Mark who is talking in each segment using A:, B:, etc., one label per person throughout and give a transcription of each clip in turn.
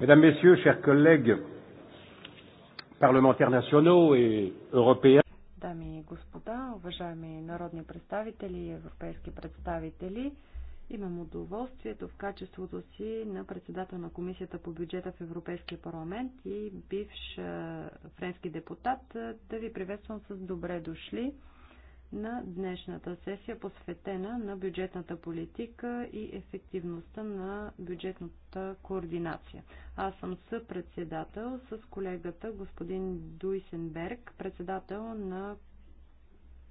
A: Mesdames, Messieurs, chers collègues parlementaires nationaux et européens,
B: Дами и господа, уважаеми народни представители и европейски представители, имам удоволствието в качеството си на председател на Комисията по бюджета в Европейския парламент и бивш френски депутат да ви приветствам с добре дошли на днешната сесия, посветена на бюджетната политика и ефективността на бюджетната координация. Аз съм съпредседател с колегата господин Дуйсенберг, председател на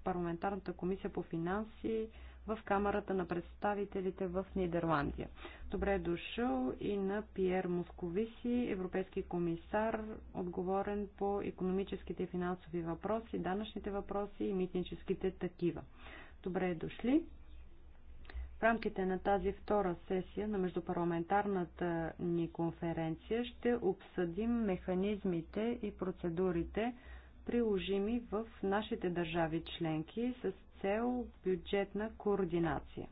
B: парламентарната комисия по финанси, в Камерата на представителите в Нидерландия. Добре е дошъл и на Пиер Московиси, европейски комисар, отговорен по економическите и финансови въпроси, данъчните въпроси и митническите такива. Добре е дошли! В рамките на тази втора сесия на междупарламентарната ни конференция ще обсъдим механизмите и процедурите, приложими в нашите държави членки с цел бюджетна координация.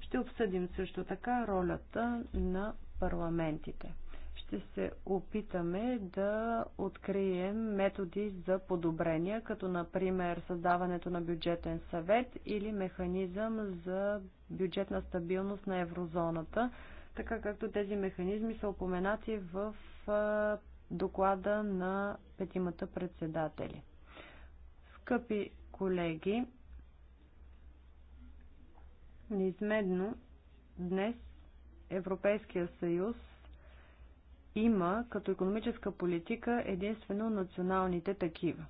B: Ще обсъдим също така ролята на парламентите. Ще се опитаме да открием методи за подобрения, като например създаването на бюджетен съвет или механизъм за бюджетна стабилност на еврозоната, така както тези механизми са упоменати в доклада на петимата председатели. Скъпи колеги, неизменно днес Европейския съюз има като економическа политика единствено националните такива.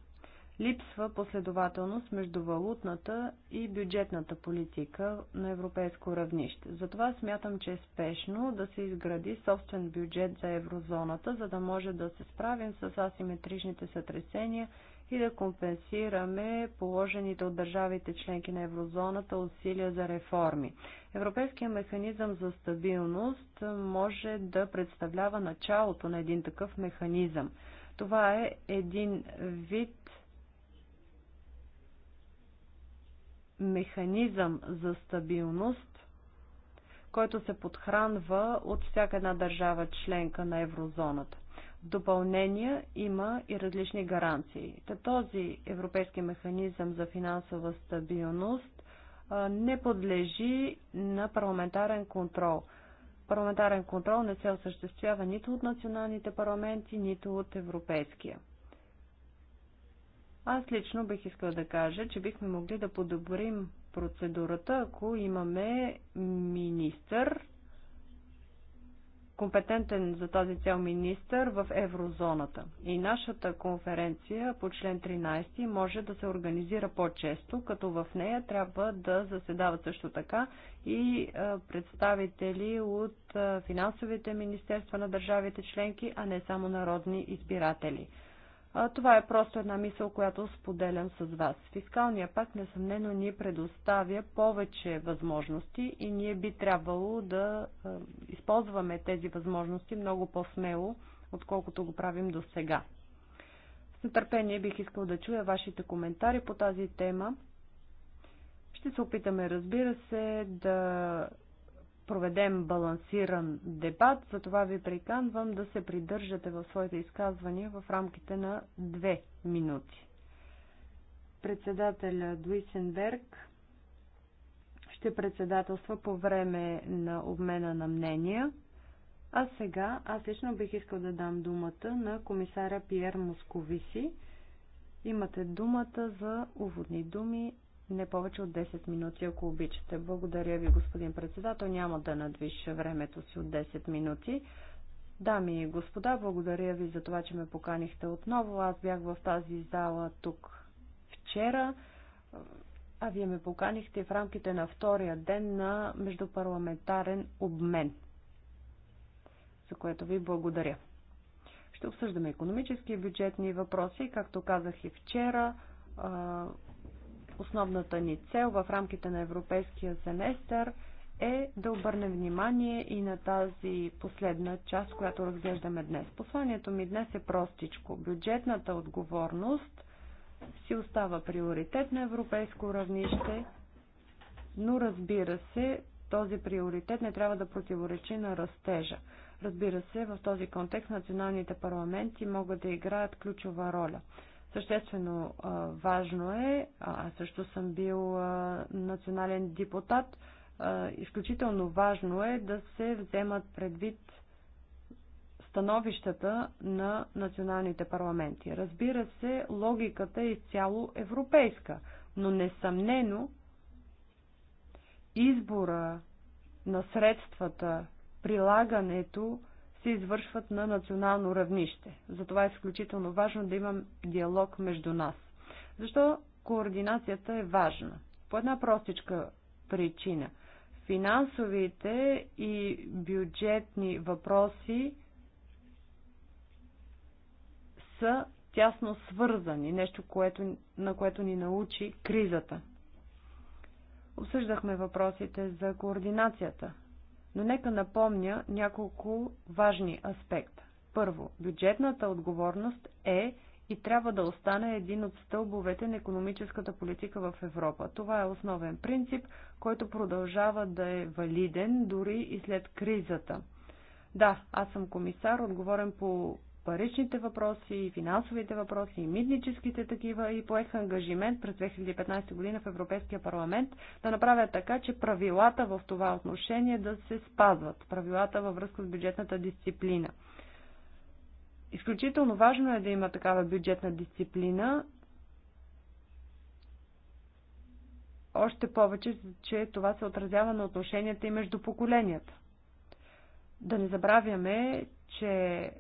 B: Липсва последователност между валутната и бюджетната политика на европейско равнище. Затова смятам, че е спешно да се изгради собствен бюджет за еврозоната, за да може да се справим с асиметричните сътресения и да компенсираме положените от държавите членки на еврозоната усилия за реформи. Европейския механизъм за стабилност може да представлява началото на един такъв механизъм. Това е един вид механизъм за стабилност, който се подхранва от всяка една държава членка на еврозоната допълнения има и различни гаранции. Та този европейски механизъм за финансова стабилност не подлежи на парламентарен контрол. Парламентарен контрол не се осъществява нито от националните парламенти, нито от европейския. Аз лично бих искал да кажа, че бихме могли да подобрим процедурата, ако имаме министър, компетентен за тази цел министър в еврозоната. И нашата конференция по член 13 може да се организира по-често, като в нея трябва да заседават също така и е, представители от е, финансовите министерства на държавите членки, а не само народни избиратели. Това е просто една мисъл, която споделям с вас. Фискалния пакт несъмнено ни предоставя повече възможности и ние би трябвало да използваме тези възможности много по-смело, отколкото го правим до сега. С нетърпение бих искал да чуя вашите коментари по тази тема. Ще се опитаме, разбира се, да проведем балансиран дебат, затова ви приканвам да се придържате в своите изказвания в рамките на две минути. Председателя Дуисенберг ще председателства по време на обмена на мнения. А сега аз лично бих искал да дам думата на комисаря Пьер Московиси. Имате думата за уводни думи не повече от 10 минути, ако обичате. Благодаря ви, господин председател. Няма да надвиша времето си от 10 минути. Дами и господа, благодаря ви за това, че ме поканихте отново. Аз бях в тази зала тук вчера, а вие ме поканихте в рамките на втория ден на междупарламентарен обмен, за което ви благодаря. Ще обсъждаме економически и бюджетни въпроси. Както казах и вчера, Основната ни цел в рамките на европейския семестър е да обърнем внимание и на тази последна част, която разглеждаме днес. Посланието ми днес е простичко. Бюджетната отговорност си остава приоритет на европейско равнище, но разбира се, този приоритет не трябва да противоречи на растежа. Разбира се, в този контекст националните парламенти могат да играят ключова роля. Съществено важно е, аз също съм бил национален депутат, изключително важно е да се вземат предвид становищата на националните парламенти. Разбира се, логиката е изцяло европейска, но несъмнено избора на средствата, прилагането се извършват на национално равнище. Затова е изключително важно да имам диалог между нас. Защо координацията е важна? По една простичка причина. Финансовите и бюджетни въпроси са тясно свързани, нещо, което, на което ни научи кризата. Обсъждахме въпросите за координацията, но нека напомня няколко важни аспекта. Първо, бюджетната отговорност е и трябва да остане един от стълбовете на економическата политика в Европа. Това е основен принцип, който продължава да е валиден дори и след кризата. Да, аз съм комисар, отговорен по паричните въпроси, и финансовите въпроси, и митническите такива и поеха ангажимент през 2015 година в Европейския парламент да направя така, че правилата в това отношение да се спазват, правилата във връзка с бюджетната дисциплина. Изключително важно е да има такава бюджетна дисциплина още повече, че това се отразява на отношенията и между поколенията. Да не забравяме, че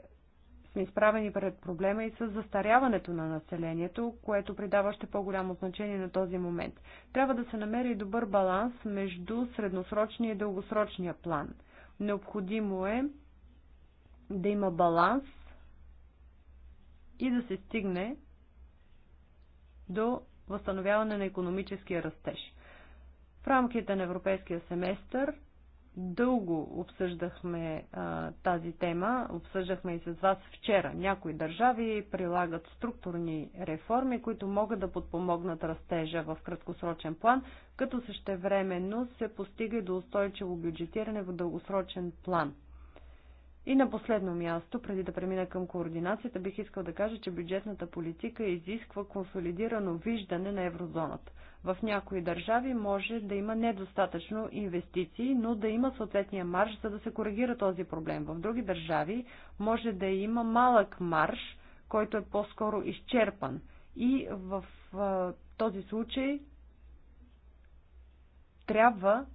B: сме изправени пред проблема и с застаряването на населението, което придава още по-голямо значение на този момент. Трябва да се намери добър баланс между средносрочния и дългосрочния план. Необходимо е да има баланс и да се стигне до възстановяване на економическия растеж. В рамките на европейския семестър дълго обсъждахме а, тази тема, обсъждахме и с вас вчера. Някои държави прилагат структурни реформи, които могат да подпомогнат растежа в краткосрочен план, като същевременно се постига и до устойчиво бюджетиране в дългосрочен план. И на последно място, преди да премина към координацията, бих искал да кажа, че бюджетната политика изисква консолидирано виждане на еврозоната. В някои държави може да има недостатъчно инвестиции, но да има съответния марш, за да се коригира този проблем. В други държави може да има малък марш, който е по-скоро изчерпан. И в този случай трябва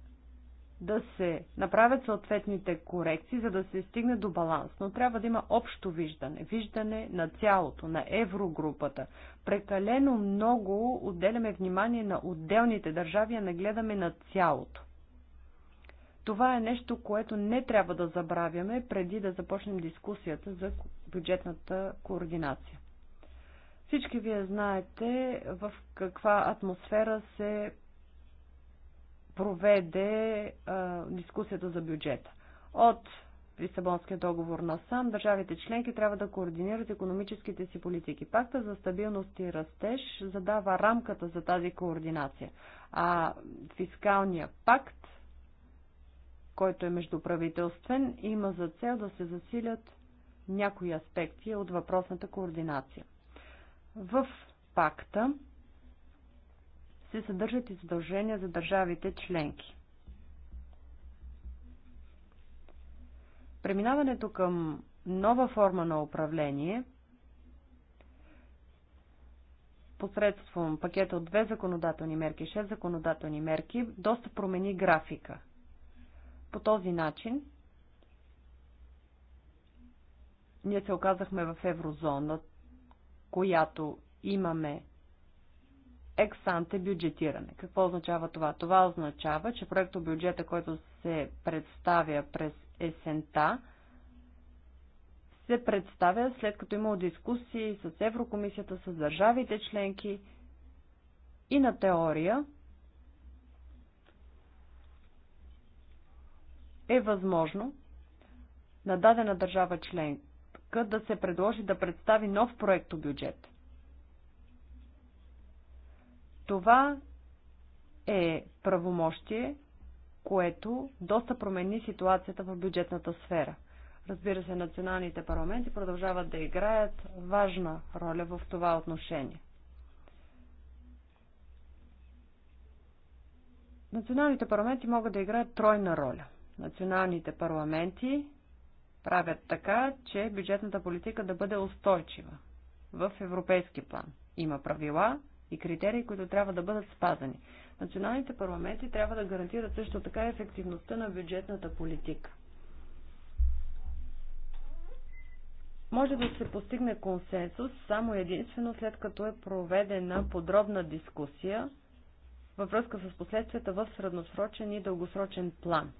B: да се направят съответните корекции, за да се стигне до баланс. Но трябва да има общо виждане, виждане на цялото, на еврогрупата. Прекалено много отделяме внимание на отделните държави, а не гледаме на цялото. Това е нещо, което не трябва да забравяме преди да започнем дискусията за бюджетната координация. Всички вие знаете в каква атмосфера се проведе а, дискусията за бюджета. От Лисабонския договор на сам, държавите членки трябва да координират економическите си политики. Пакта за стабилност и растеж задава рамката за тази координация. А фискалния пакт, който е междуправителствен, има за цел да се засилят някои аспекти от въпросната координация. В пакта се съдържат и задължения за държавите членки. Преминаването към нова форма на управление посредством пакета от две законодателни мерки, и шест законодателни мерки, доста промени графика. По този начин ние се оказахме в еврозона, която имаме ексанте бюджетиране. Какво означава това? Това означава, че проекто бюджета, който се представя през есента, се представя след като имало дискусии с Еврокомисията, с държавите членки и на теория е възможно на дадена държава членка да се предложи да представи нов проект бюджет – това е правомощие, което доста промени ситуацията в бюджетната сфера. Разбира се, националните парламенти продължават да играят важна роля в това отношение. Националните парламенти могат да играят тройна роля. Националните парламенти правят така, че бюджетната политика да бъде устойчива в европейски план. Има правила, и критерии, които трябва да бъдат спазани. Националните парламенти трябва да гарантират също така ефективността на бюджетната политика. Може да се постигне консенсус само единствено след като е проведена подробна дискусия във връзка с последствията в средносрочен и дългосрочен план.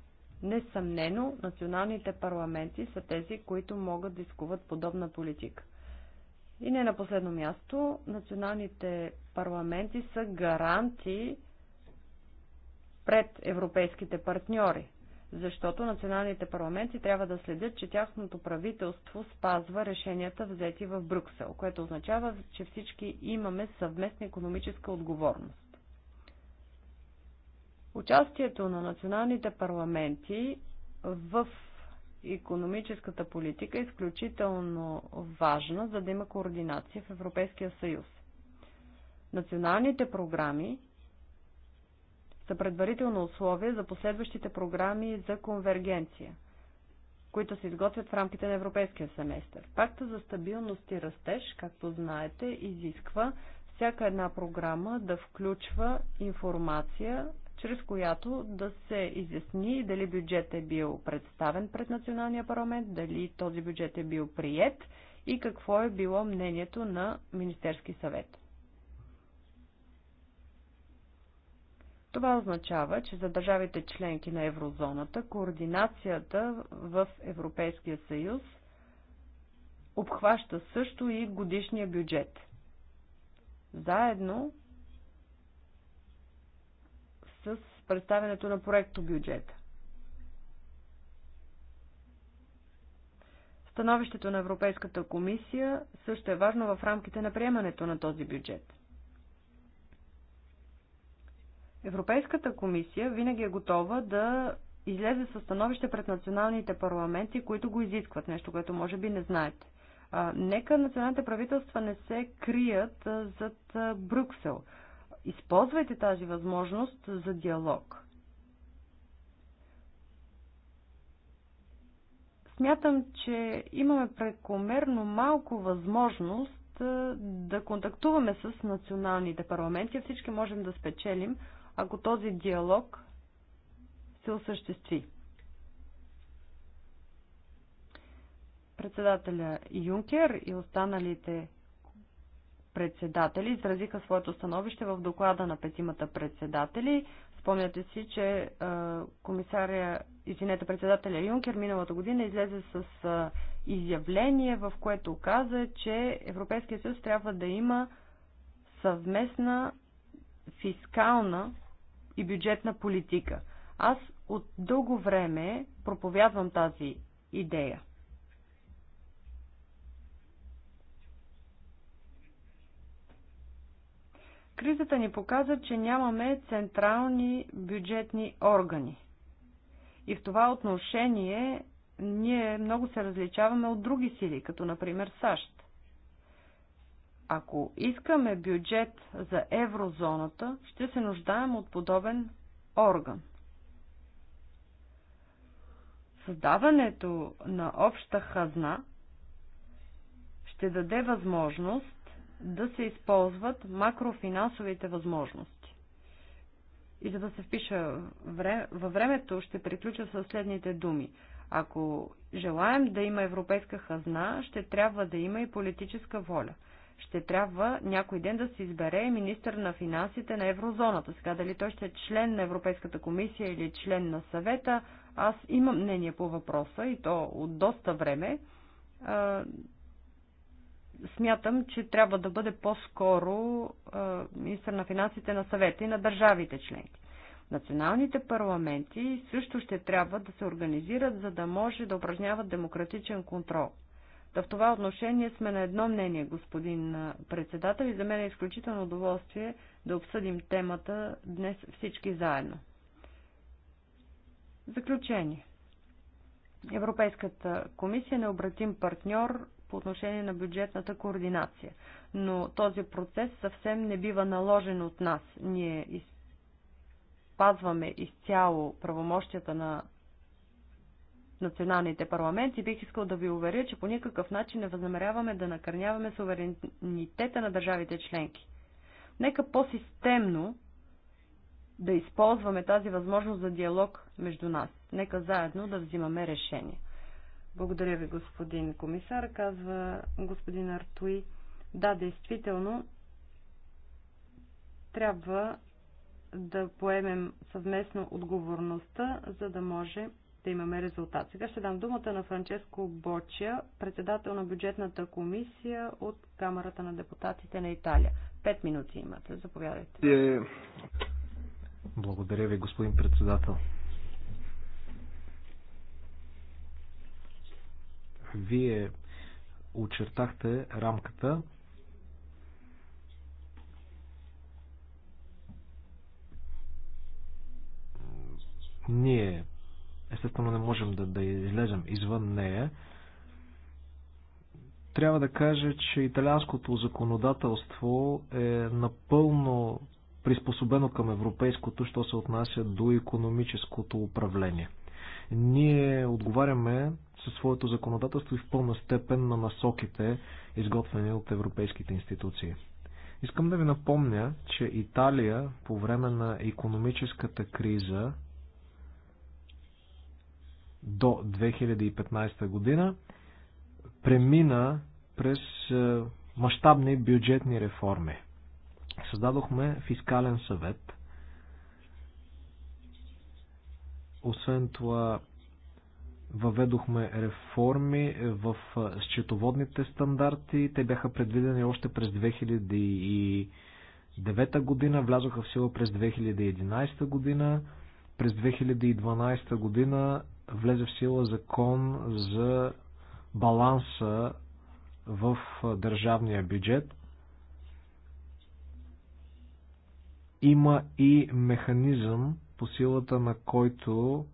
B: Несъмнено, националните парламенти са тези, които могат да изкуват подобна политика. И не на последно място, националните парламенти са гаранти пред европейските партньори, защото националните парламенти трябва да следят, че тяхното правителство спазва решенията взети в Брюксел, което означава, че всички имаме съвместна економическа отговорност. Участието на националните парламенти в економическата политика е изключително важна, за да има координация в Европейския съюз. Националните програми са предварително условие за последващите програми за конвергенция, които се изготвят в рамките на европейския семестър. Пакта за стабилност и растеж, както знаете, изисква всяка една програма да включва информация чрез която да се изясни дали бюджет е бил представен пред националния парламент, дали този бюджет е бил прият и какво е било мнението на Министерски съвет. Това означава, че за държавите членки на еврозоната координацията в Европейския съюз обхваща също и годишния бюджет. Заедно с представянето на проекто бюджета. Становището на Европейската комисия също е важно в рамките на приемането на този бюджет. Европейската комисия винаги е готова да излезе със становище пред националните парламенти, които го изискват, нещо, което може би не знаете. А, нека националните правителства не се крият зад Брюксел. Използвайте тази възможност за диалог. Смятам, че имаме прекомерно малко възможност да контактуваме с националните парламенти. Всички можем да спечелим, ако този диалог се осъществи. Председателя Юнкер и останалите председатели изразиха своето становище в доклада на петимата председатели. Спомняте си, че комисаря, извинете, председателя Юнкер миналата година излезе с изявление, в което каза, че Европейския съюз трябва да има съвместна фискална и бюджетна политика. Аз от дълго време проповядвам тази идея. Кризата ни показа, че нямаме централни бюджетни органи. И в това отношение ние много се различаваме от други сили, като например САЩ. Ако искаме бюджет за еврозоната, ще се нуждаем от подобен орган. Създаването на обща хазна ще даде възможност да се използват макрофинансовите възможности. И за да се впиша във времето, ще приключа със следните думи. Ако желаем да има европейска хазна, ще трябва да има и политическа воля. Ще трябва някой ден да се избере министър на финансите на еврозоната. Сега дали той ще е член на Европейската комисия или член на съвета, аз имам мнение по въпроса и то от доста време смятам, че трябва да бъде по-скоро министър на финансите на съвета и на държавите членки. Националните парламенти също ще трябва да се организират, за да може да упражняват демократичен контрол. Да в това отношение сме на едно мнение, господин председател, и за мен е изключително удоволствие да обсъдим темата днес всички заедно. Заключение. Европейската комисия е необратим партньор по отношение на бюджетната координация. Но този процес съвсем не бива наложен от нас. Ние спазваме изцяло правомощията на националните парламенти, бих искал да ви уверя, че по никакъв начин не възнамеряваме да накърняваме суверенитета на държавите членки. Нека по-системно да използваме тази възможност за диалог между нас. Нека заедно да взимаме решение. Благодаря ви, господин комисар, казва господин Артуи. Да, действително, трябва да поемем съвместно отговорността, за да може да имаме резултат. Сега ще дам думата на Франческо Бочия, председател на бюджетната комисия от Камерата на депутатите на Италия. Пет минути имате. Заповядайте.
C: Благодаря ви, господин председател. Вие очертахте рамката. Ние, естествено, не можем да, да излезем извън нея. Трябва да кажа, че италианското законодателство е напълно приспособено към европейското, що се отнася до економическото управление. Ние отговаряме със своето законодателство и в пълна степен на насоките, изготвени от европейските институции. Искам да ви напомня, че Италия по време на економическата криза до 2015 година премина през е, мащабни бюджетни реформи. Създадохме фискален съвет. Освен това, въведохме реформи в счетоводните стандарти. Те бяха предвидени още през 2009 година, влязоха в сила през 2011 година. През 2012 година влезе в сила закон за баланса в държавния бюджет. Има и механизъм, по силата на който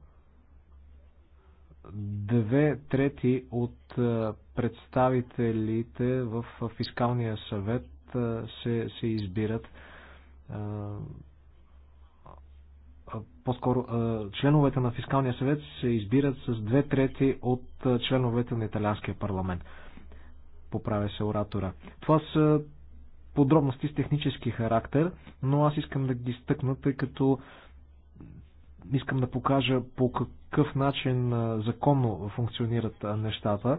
C: две трети от е, представителите в фискалния съвет е, се, се избират е, по-скоро членовете на фискалния съвет се избират с две трети от членовете на италианския парламент. Поправя се оратора. Това са подробности с технически характер, но аз искам да ги стъкна, тъй като искам да покажа по какъв начин законно функционират нещата.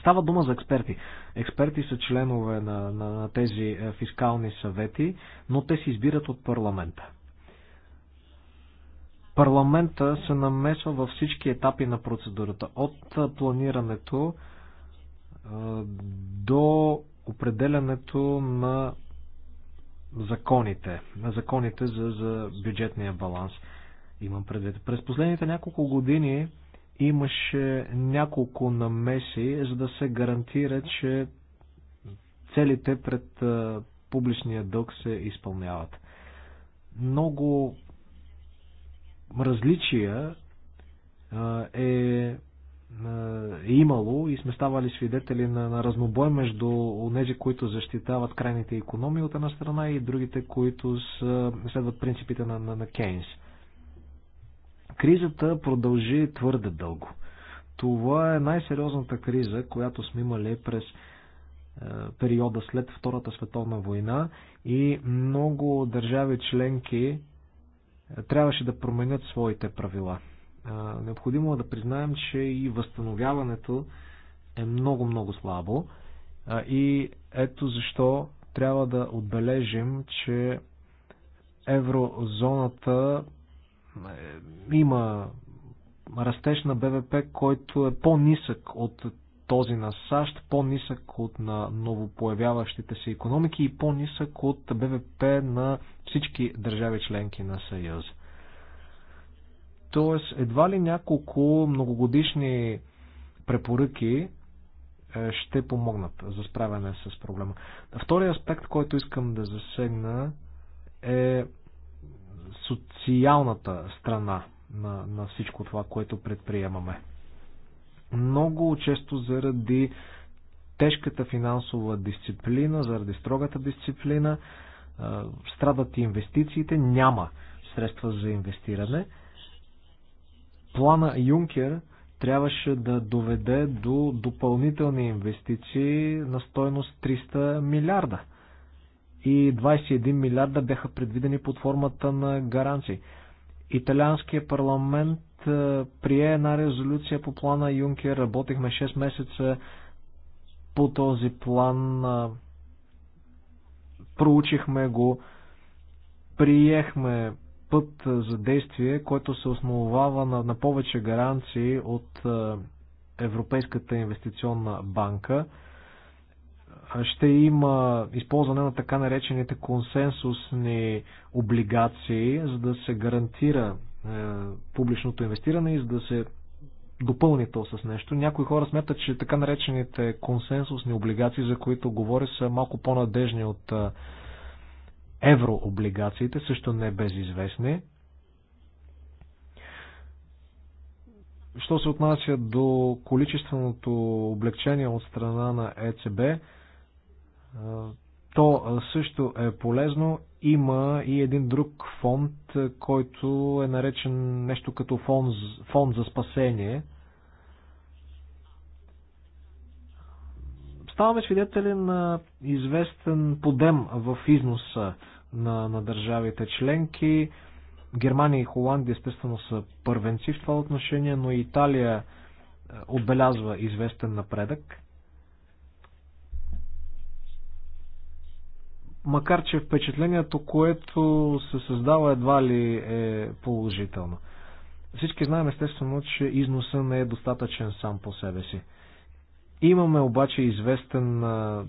C: Става дума за експерти. Експерти са членове на, на, на тези е, фискални съвети, но те се избират от парламента. Парламента се намесва във всички етапи на процедурата. От планирането до определянето на законите, на законите за, за бюджетния баланс имам предвид. През последните няколко години имаше няколко намеси, за да се гарантира, че целите пред публичния дълг се изпълняват. Много различия е имало и сме ставали свидетели на, на разнобой между тези, които защитават крайните економии от една страна и другите, които са, следват принципите на, на, на Кейнс. Кризата продължи твърде дълго. Това е най-сериозната криза, която сме имали през е, периода след Втората световна война и много държави членки е, трябваше да променят своите правила. Е, необходимо е да признаем, че и възстановяването е много-много слабо и ето защо трябва да отбележим, че еврозоната е, има растеж на БВП, който е по-нисък от този на САЩ, по-нисък от на новопоявяващите се економики и по-нисък от БВП на всички държави членки на Съюз. Тоест, едва ли няколко многогодишни препоръки е, ще помогнат за справяне с проблема. Втория аспект, който искам да засегна е социалната страна на, на всичко това, което предприемаме. Много често заради тежката финансова дисциплина, заради строгата дисциплина, страдат и инвестициите, няма средства за инвестиране. Плана Юнкер трябваше да доведе до допълнителни инвестиции на стойност 300 милиарда – и 21 милиарда бяха предвидени под формата на гаранции. Италианския парламент е, прие една резолюция по плана Юнкер. Работихме 6 месеца по този план. Е, проучихме го. Приехме път за действие, който се основава на, на повече гаранции от е, Европейската инвестиционна банка ще има използване на така наречените консенсусни облигации, за да се гарантира е, публичното инвестиране и за да се допълни то с нещо. Някои хора смятат, че така наречените консенсусни облигации, за които говоря, са малко по-надежни от е, еврооблигациите, също не безизвестни. Що се отнася до количественото облегчение от страна на ЕЦБ, то също е полезно. Има и един друг фонд, който е наречен нещо като фонд, фонд за спасение. Ставаме свидетели на известен подем в износа на, на държавите членки. Германия и Холандия естествено са първенци в това отношение, но и Италия отбелязва известен напредък. макар че впечатлението, което се създава едва ли е положително. Всички знаем естествено, че износа не е достатъчен сам по себе си. Имаме обаче известен а,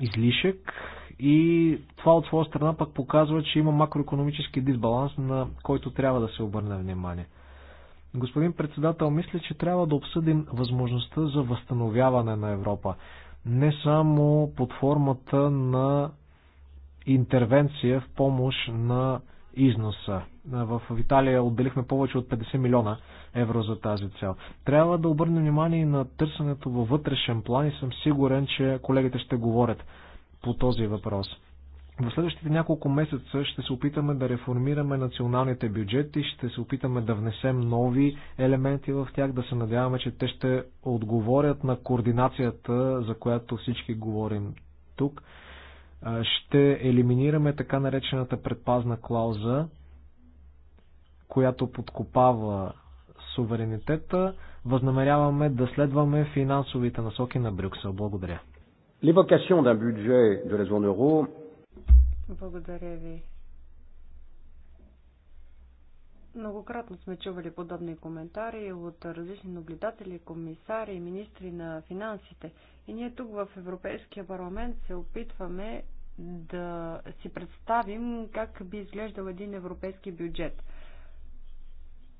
C: излишък и това от своя страна пък показва, че има макроекономически дисбаланс, на който трябва да се обърне внимание. Господин председател, мисля, че трябва да обсъдим възможността за възстановяване на Европа. Не само под формата на интервенция в помощ на износа. В Италия отделихме повече от 50 милиона евро за тази цел. Трябва да обърнем внимание на търсенето във вътрешен план и съм сигурен, че колегите ще говорят по този въпрос. В следващите няколко месеца ще се опитаме да реформираме националните бюджети, ще се опитаме да внесем нови елементи в тях, да се надяваме, че те ще отговорят на координацията, за която всички говорим тук ще елиминираме така наречената предпазна клауза, която подкопава суверенитета. Възнамеряваме да следваме финансовите насоки на Брюксел. Благодаря. L'évocation
A: d'un budget de la zone euro.
D: Благодаря ви.
B: Многократно сме чували подобни коментари от различни наблюдатели, комисари и министри на финансите. И ние тук в Европейския парламент се опитваме да си представим как би изглеждал един европейски бюджет.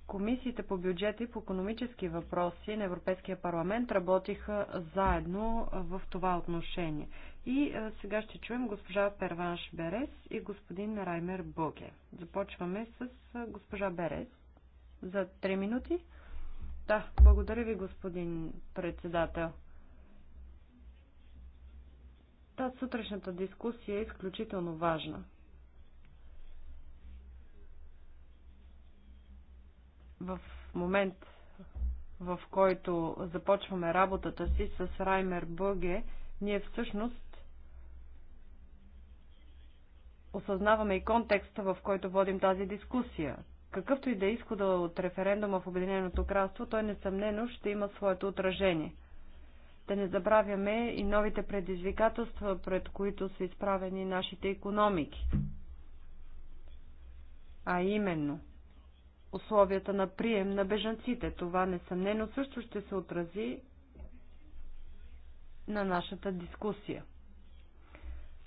B: Комисиите по бюджет и по економически въпроси на Европейския парламент работиха заедно в това отношение. И е, сега ще чуем госпожа Перванш Берес и господин Раймер Боге. Започваме с е, госпожа Берес за 3 минути. Да, благодаря ви, господин председател. Та сутрешната дискусия е изключително важна. В момент, в който започваме работата си с Раймер Бъге, ние всъщност осъзнаваме и контекста, в който водим тази дискусия. Какъвто и да е изхода от референдума в Обединеното кралство, той несъмнено ще има своето отражение – да не забравяме и новите предизвикателства, пред които са изправени нашите економики. А именно, условията на прием на бежанците. Това несъмнено също ще се отрази на нашата дискусия.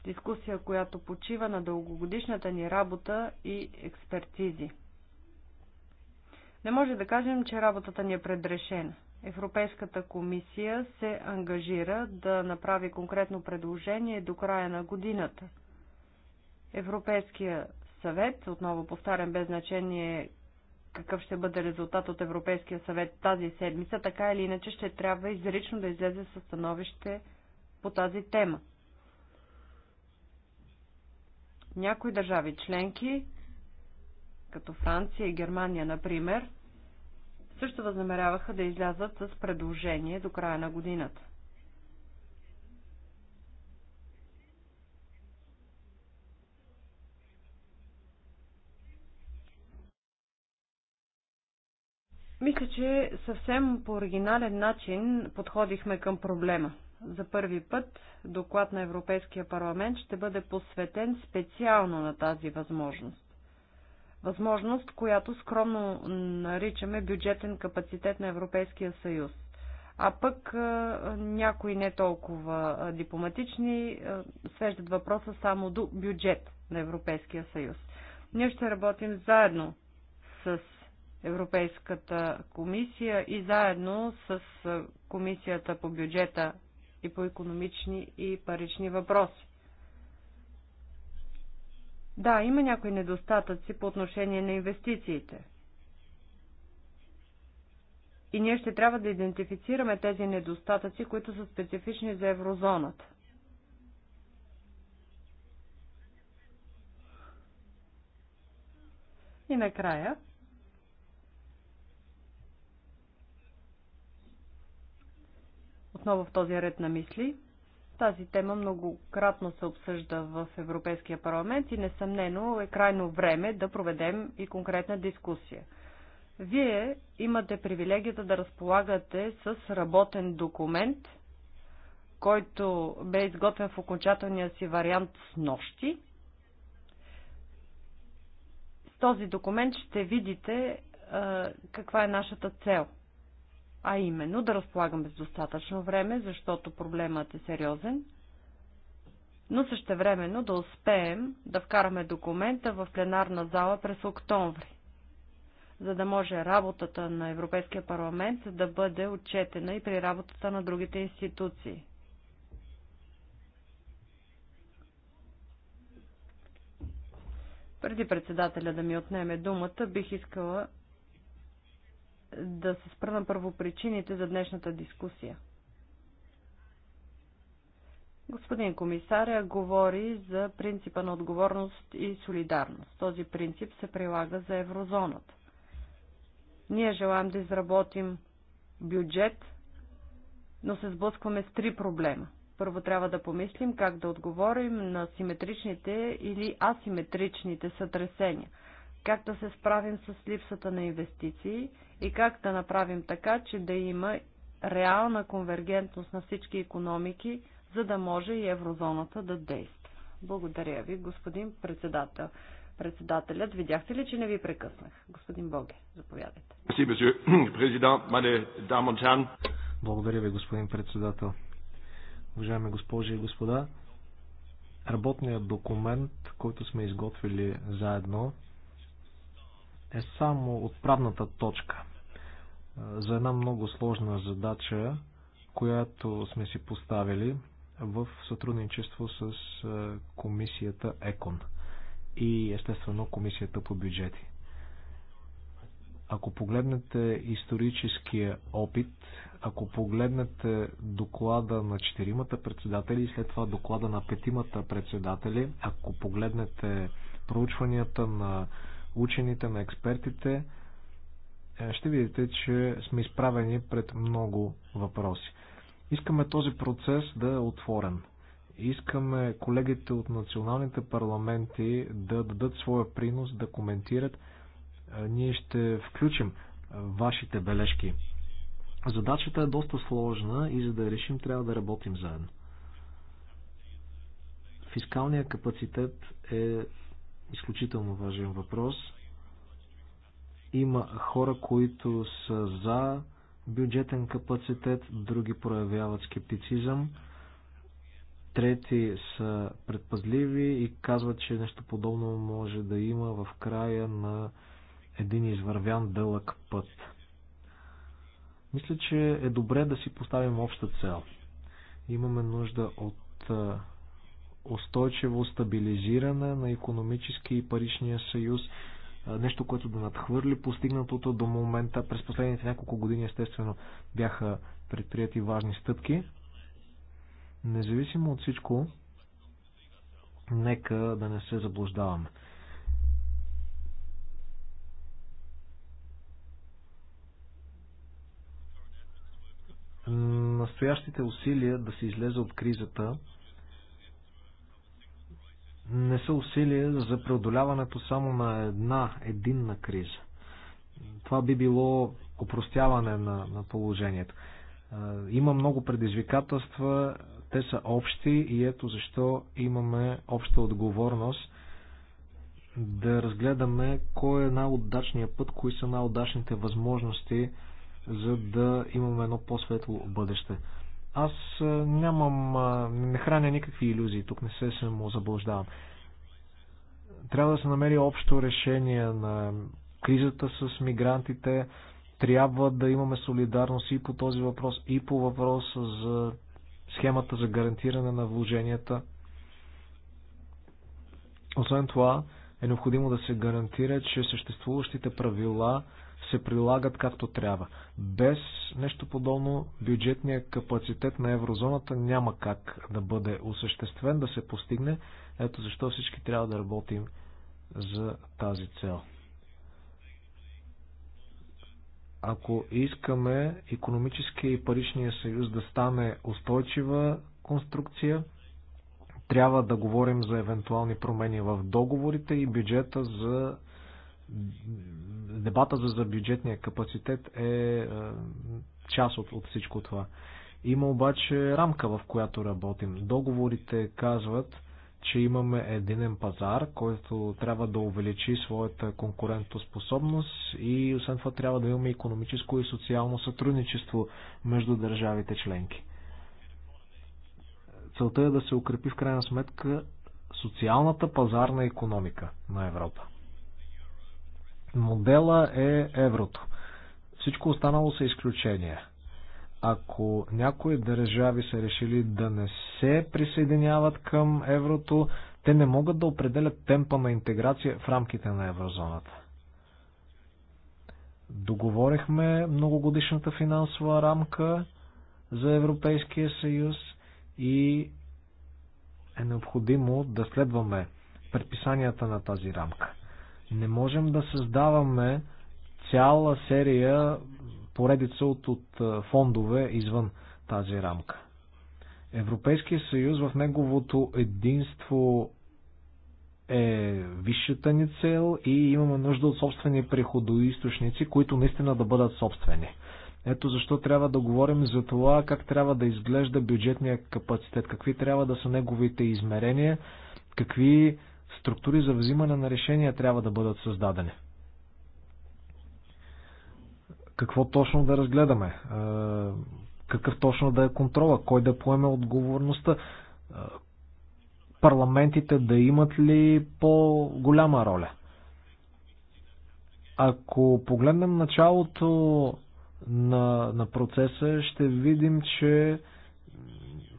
B: Дискусия, която почива на дългогодишната ни работа и експертизи. Не може да кажем, че работата ни е предрешена – Европейската комисия се ангажира да направи конкретно предложение до края на годината. Европейския съвет, отново повтарям без значение какъв ще бъде резултат от Европейския съвет тази седмица, така или иначе ще трябва изрично да излезе със становище по тази тема. Някои държави членки, като Франция и Германия, например, също възнамеряваха да излязат с предложение до края на годината. Мисля, че съвсем по оригинален начин подходихме към проблема. За първи път доклад на Европейския парламент ще бъде посветен специално на тази възможност. Възможност, която скромно наричаме бюджетен капацитет на Европейския съюз. А пък някои не толкова дипломатични свеждат въпроса само до бюджет на Европейския съюз. Ние ще работим заедно с Европейската комисия и заедно с Комисията по бюджета и по економични и парични въпроси. Да, има някои недостатъци по отношение на инвестициите. И ние ще трябва да идентифицираме тези недостатъци, които са специфични за еврозоната. И накрая. Отново в този ред на мисли. Тази тема многократно се обсъжда в Европейския парламент и несъмнено е крайно време да проведем и конкретна дискусия. Вие имате привилегията да разполагате с работен документ, който бе изготвен в окончателния си вариант с нощи. С този документ ще видите каква е нашата цел – а именно да разполагаме с достатъчно време, защото проблемът е сериозен, но същевременно да успеем да вкараме документа в пленарна зала през октомври, за да може работата на Европейския парламент да бъде отчетена и при работата на другите институции. Преди председателя да ми отнеме думата, бих искала да се спра на първопричините за днешната дискусия. Господин комисаря говори за принципа на отговорност и солидарност. Този принцип се прилага за еврозоната. Ние желаем да изработим бюджет, но се сблъскваме с три проблема. Първо трябва да помислим как да отговорим на симетричните или асиметричните сътресения как да се справим с липсата на инвестиции и как да направим така, че да има реална конвергентност на всички економики, за да може и еврозоната да действа. Благодаря ви, господин председател. Председателят, видяхте ли, че не ви прекъснах? Господин Боге, заповядайте.
C: Благодаря ви, господин председател. Уважаеми госпожи и господа, работният документ, който сме изготвили заедно, е само отправната точка за една много сложна задача, която сме си поставили в сътрудничество с комисията ЕКОН и естествено комисията по бюджети. Ако погледнете историческия опит, ако погледнете доклада на четиримата председатели и след това доклада на петимата председатели, ако погледнете проучванията на учените, на експертите, е, ще видите, че сме изправени пред много въпроси. Искаме този процес да е отворен. Искаме колегите от националните парламенти да дадат своя принос, да коментират. Е, ние ще включим е, вашите бележки. Задачата е доста сложна и за да я решим трябва да работим заедно. Фискалният капацитет е Изключително важен въпрос. Има хора, които са за бюджетен капацитет, други проявяват скептицизъм, трети са предпазливи и казват, че нещо подобно може да има в края на един извървян дълъг път. Мисля, че е добре да си поставим обща цел. Имаме нужда от устойчиво стабилизиране на економически и паричния съюз, нещо, което да надхвърли постигнатото до момента. През последните няколко години, естествено, бяха предприяти важни стъпки. Независимо от всичко, нека да не се заблуждаваме. Настоящите усилия да се излезе от кризата не са усилия за преодоляването само на една единна криза. Това би било опростяване на, на положението. Има много предизвикателства, те са общи и ето защо имаме обща отговорност да разгледаме кой е най-удачният път, кои са най-удачните възможности, за да имаме едно по-светло бъдеще. Аз нямам, не храня никакви иллюзии, тук не се само заблуждавам. Трябва да се намери общо решение на кризата с мигрантите. Трябва да имаме солидарност и по този въпрос, и по въпроса за схемата за гарантиране на вложенията. Освен това, е необходимо да се гарантира, че съществуващите правила се прилагат както трябва. Без нещо подобно бюджетният капацитет на еврозоната няма как да бъде осъществен, да се постигне. Ето защо всички трябва да работим за тази цел. Ако искаме економическия и паричния съюз да стане устойчива конструкция, трябва да говорим за евентуални промени в договорите и бюджета за Дебата за бюджетния капацитет е, е част от, от всичко това. Има обаче рамка, в която работим. Договорите казват, че имаме единен пазар, който трябва да увеличи своята конкурентоспособност и освен това трябва да имаме економическо и социално сътрудничество между държавите членки. Целта е да се укрепи в крайна сметка социалната пазарна економика на Европа модела е еврото. Всичко останало са изключения. Ако някои държави са решили да не се присъединяват към еврото, те не могат да определят темпа на интеграция в рамките на еврозоната. Договорихме многогодишната финансова рамка за Европейския съюз и е необходимо да следваме предписанията на тази рамка. Не можем да създаваме цяла серия поредица от, от е, фондове извън тази рамка. Европейския съюз в неговото единство е висшата ни цел и имаме нужда от собствени приходоисточници, които наистина да бъдат собствени. Ето защо трябва да говорим за това как трябва да изглежда бюджетния капацитет, какви трябва да са неговите измерения, какви структури за взимане на решения трябва да бъдат създадени. Какво точно да разгледаме? Е, какъв точно да е контрола? Кой да поеме отговорността? Е, парламентите да имат ли по-голяма роля? Ако погледнем началото на, на процеса, ще видим, че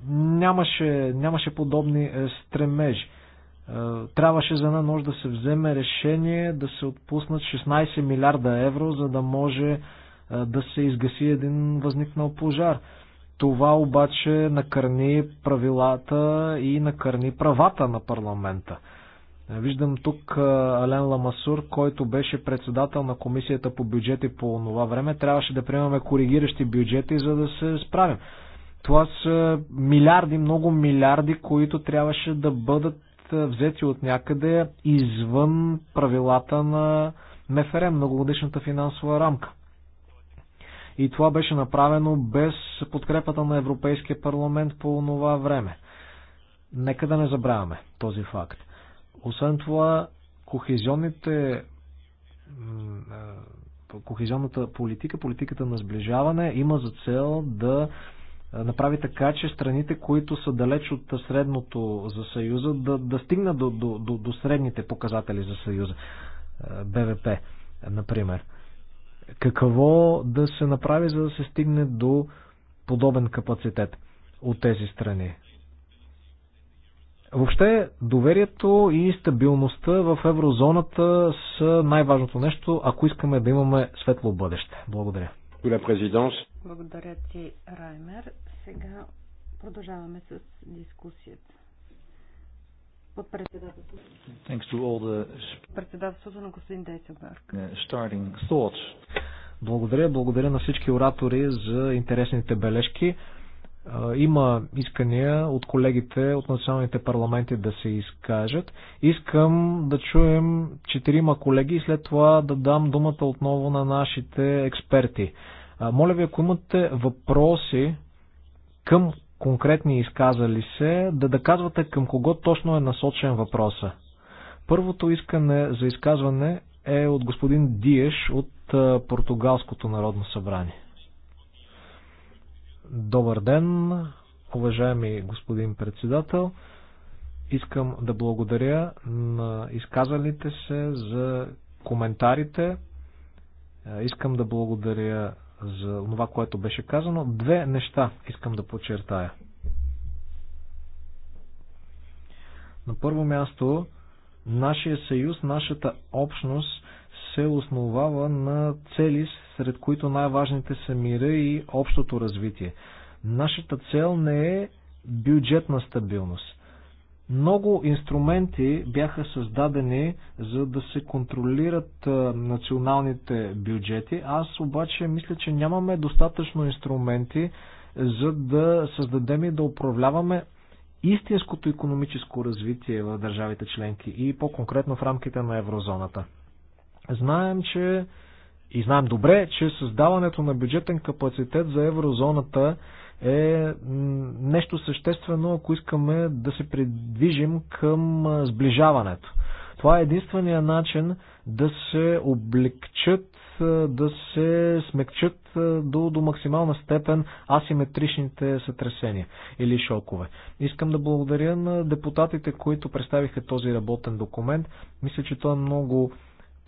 C: нямаше, нямаше подобни е, стремежи е, трябваше за една нощ да се вземе решение да се отпуснат 16 милиарда евро, за да може е, да се изгаси един възникнал пожар. Това обаче накърни правилата и накърни правата на парламента. Е, виждам тук Ален Ламасур, който беше председател на комисията по бюджети по това време. Трябваше да приемаме коригиращи бюджети, за да се справим. Това са милиарди, много милиарди, които трябваше да бъдат взети от някъде извън правилата на МФР, многогодишната финансова рамка. И това беше направено без подкрепата на Европейския парламент по това време. Нека да не забравяме този факт. Освен това, кохезионните кохезионната политика, политиката на сближаване има за цел да направи така, че страните, които са далеч от средното за Съюза, да, да стигнат до, до, до, до средните показатели за Съюза. БВП, например. Какво да се направи, за да се стигне до подобен капацитет от тези страни? Въобще, доверието и стабилността в еврозоната са най-важното нещо, ако искаме да имаме светло бъдеще. Благодаря.
B: Благодаря ти, Раймер. Сега продължаваме с дискусията. Под председателството. Председателството на господин Дейсенберг.
C: Благодаря, благодаря на всички оратори за интересните бележки. Има искания от колегите от националните парламенти да се изкажат. Искам да чуем четирима колеги и след това да дам думата отново на нашите експерти. Моля ви, ако имате въпроси към конкретни изказали се, да да казвате към кого точно е насочен въпроса. Първото искане за изказване е от господин Диеш от Португалското народно събрание. Добър ден, уважаеми господин председател. Искам да благодаря на изказалите се за коментарите. Искам да благодаря за това, което беше казано. Две неща искам да подчертая. На първо място, нашия съюз, нашата общност се основава на цели, сред които най-важните са мира и общото развитие. Нашата цел не е бюджетна стабилност. Много инструменти бяха създадени за да се контролират националните бюджети. Аз обаче мисля, че нямаме достатъчно инструменти за да създадем и да управляваме истинското економическо развитие в държавите членки и по-конкретно в рамките на еврозоната. Знаем, че и знаем добре, че създаването на бюджетен капацитет за еврозоната е нещо съществено, ако искаме да се придвижим към сближаването. Това е единствения начин да се облегчат, да се смекчат до, до максимална степен асиметричните сътресения или шокове. Искам да благодаря на депутатите, които представиха този работен документ. Мисля, че той е много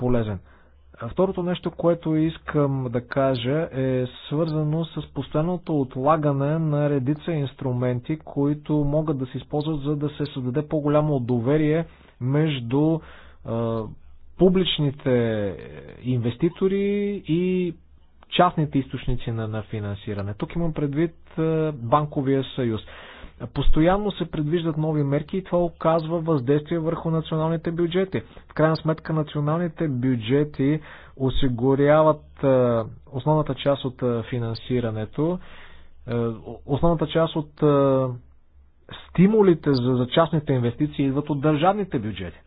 C: полезен. Второто нещо, което искам да кажа е свързано с постоянното отлагане на редица инструменти, които могат да се използват за да се създаде по-голямо доверие между е, публичните инвеститори и частните източници на, на финансиране. Тук имам предвид е, банковия съюз. Постоянно се предвиждат нови мерки и това оказва въздействие върху националните бюджети. В крайна сметка националните бюджети осигуряват е, основната част от е, финансирането, е, основната част от стимулите за частните инвестиции идват от държавните бюджети.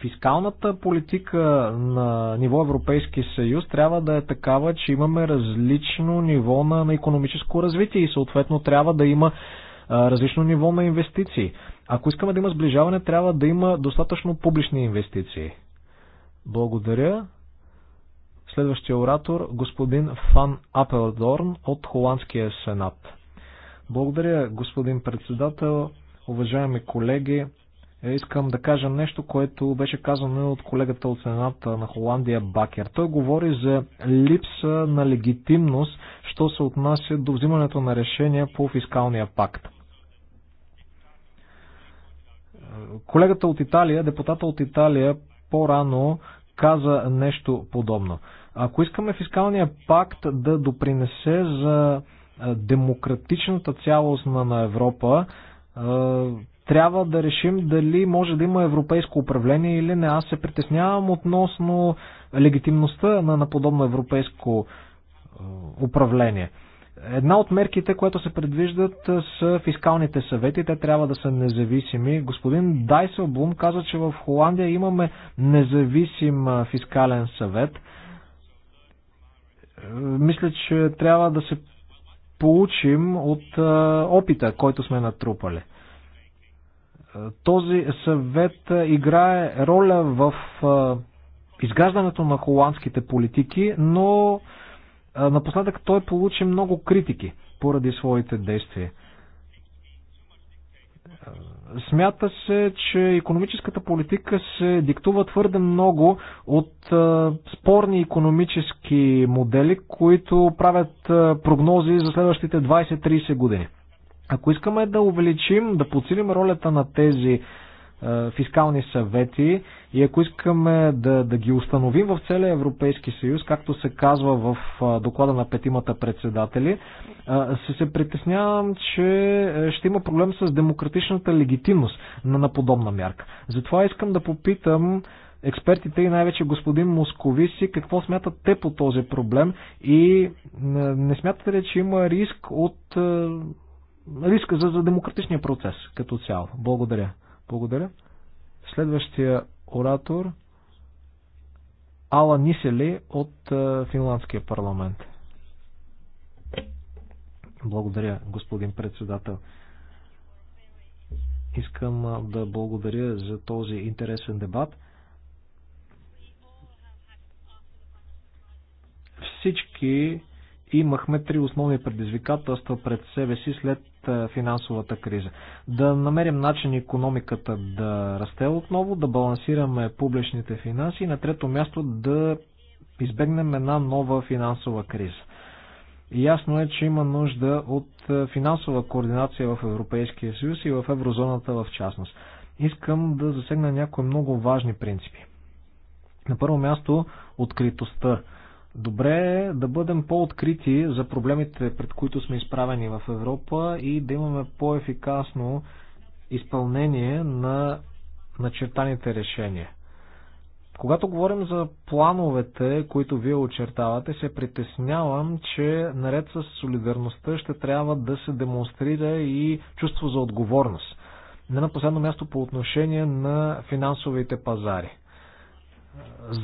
C: Фискалната политика на ниво Европейски съюз трябва да е такава, че имаме различно ниво на, на економическо развитие и съответно трябва да има различно ниво на инвестиции. Ако искаме да има сближаване, трябва да има достатъчно публични инвестиции. Благодаря. Следващия оратор, господин Фан Апелдорн от Холандския сенат. Благодаря, господин председател, уважаеми колеги. Е, искам да кажа нещо, което беше казано от колегата от Сената на Холандия Бакер. Той говори за липса на легитимност, що се отнася до взимането на решения по фискалния пакт. Колегата от Италия, депутата от Италия, по-рано каза нещо подобно. Ако искаме фискалния пакт да допринесе за демократичната цялост на Европа, трябва да решим дали може да има европейско управление или не. Аз се притеснявам относно легитимността на, подобно европейско управление. Една от мерките, което се предвиждат са фискалните съвети. Те трябва да са независими. Господин Дайселблум каза, че в Холандия имаме независим фискален съвет. Е, мисля, че трябва да се получим от опита, който сме натрупали. Е, този съвет играе роля в изграждането на холандските политики, но Напоследък той получи много критики поради своите действия. Смята се, че економическата политика се диктува твърде много от спорни економически модели, които правят прогнози за следващите 20-30 години. Ако искаме да увеличим, да подсилим ролята на тези фискални съвети и ако искаме да, да ги установим в целия Европейски съюз, както се казва в доклада на петимата председатели, се, се притеснявам, че ще има проблем с демократичната легитимност на, на подобна мярка. Затова искам да попитам експертите и най-вече господин Московиси, какво смятат те по този проблем и не смятате ли, че има риск от риска за, за демократичния процес като цяло? Благодаря. Благодаря. Следващия оратор Ала Нисели от е, Финландския парламент. Благодаря, господин председател. Искам е, да благодаря за този интересен дебат. Всички имахме три основни предизвикателства пред себе си след е, финансовата криза. Да намерим начин економиката да расте отново, да балансираме публичните финанси и на трето място да избегнем една нова финансова криза. Ясно е, че има нужда от е, финансова координация в Европейския съюз и в еврозоната в частност. Искам да засегна някои много важни принципи. На първо място, откритостта. Добре е да бъдем по-открити за проблемите, пред които сме изправени в Европа и да имаме по-ефикасно изпълнение на начертаните решения. Когато говорим за плановете, които вие очертавате, се притеснявам, че наред с солидарността ще трябва да се демонстрира и чувство за отговорност. Не на последно място по отношение на финансовите пазари.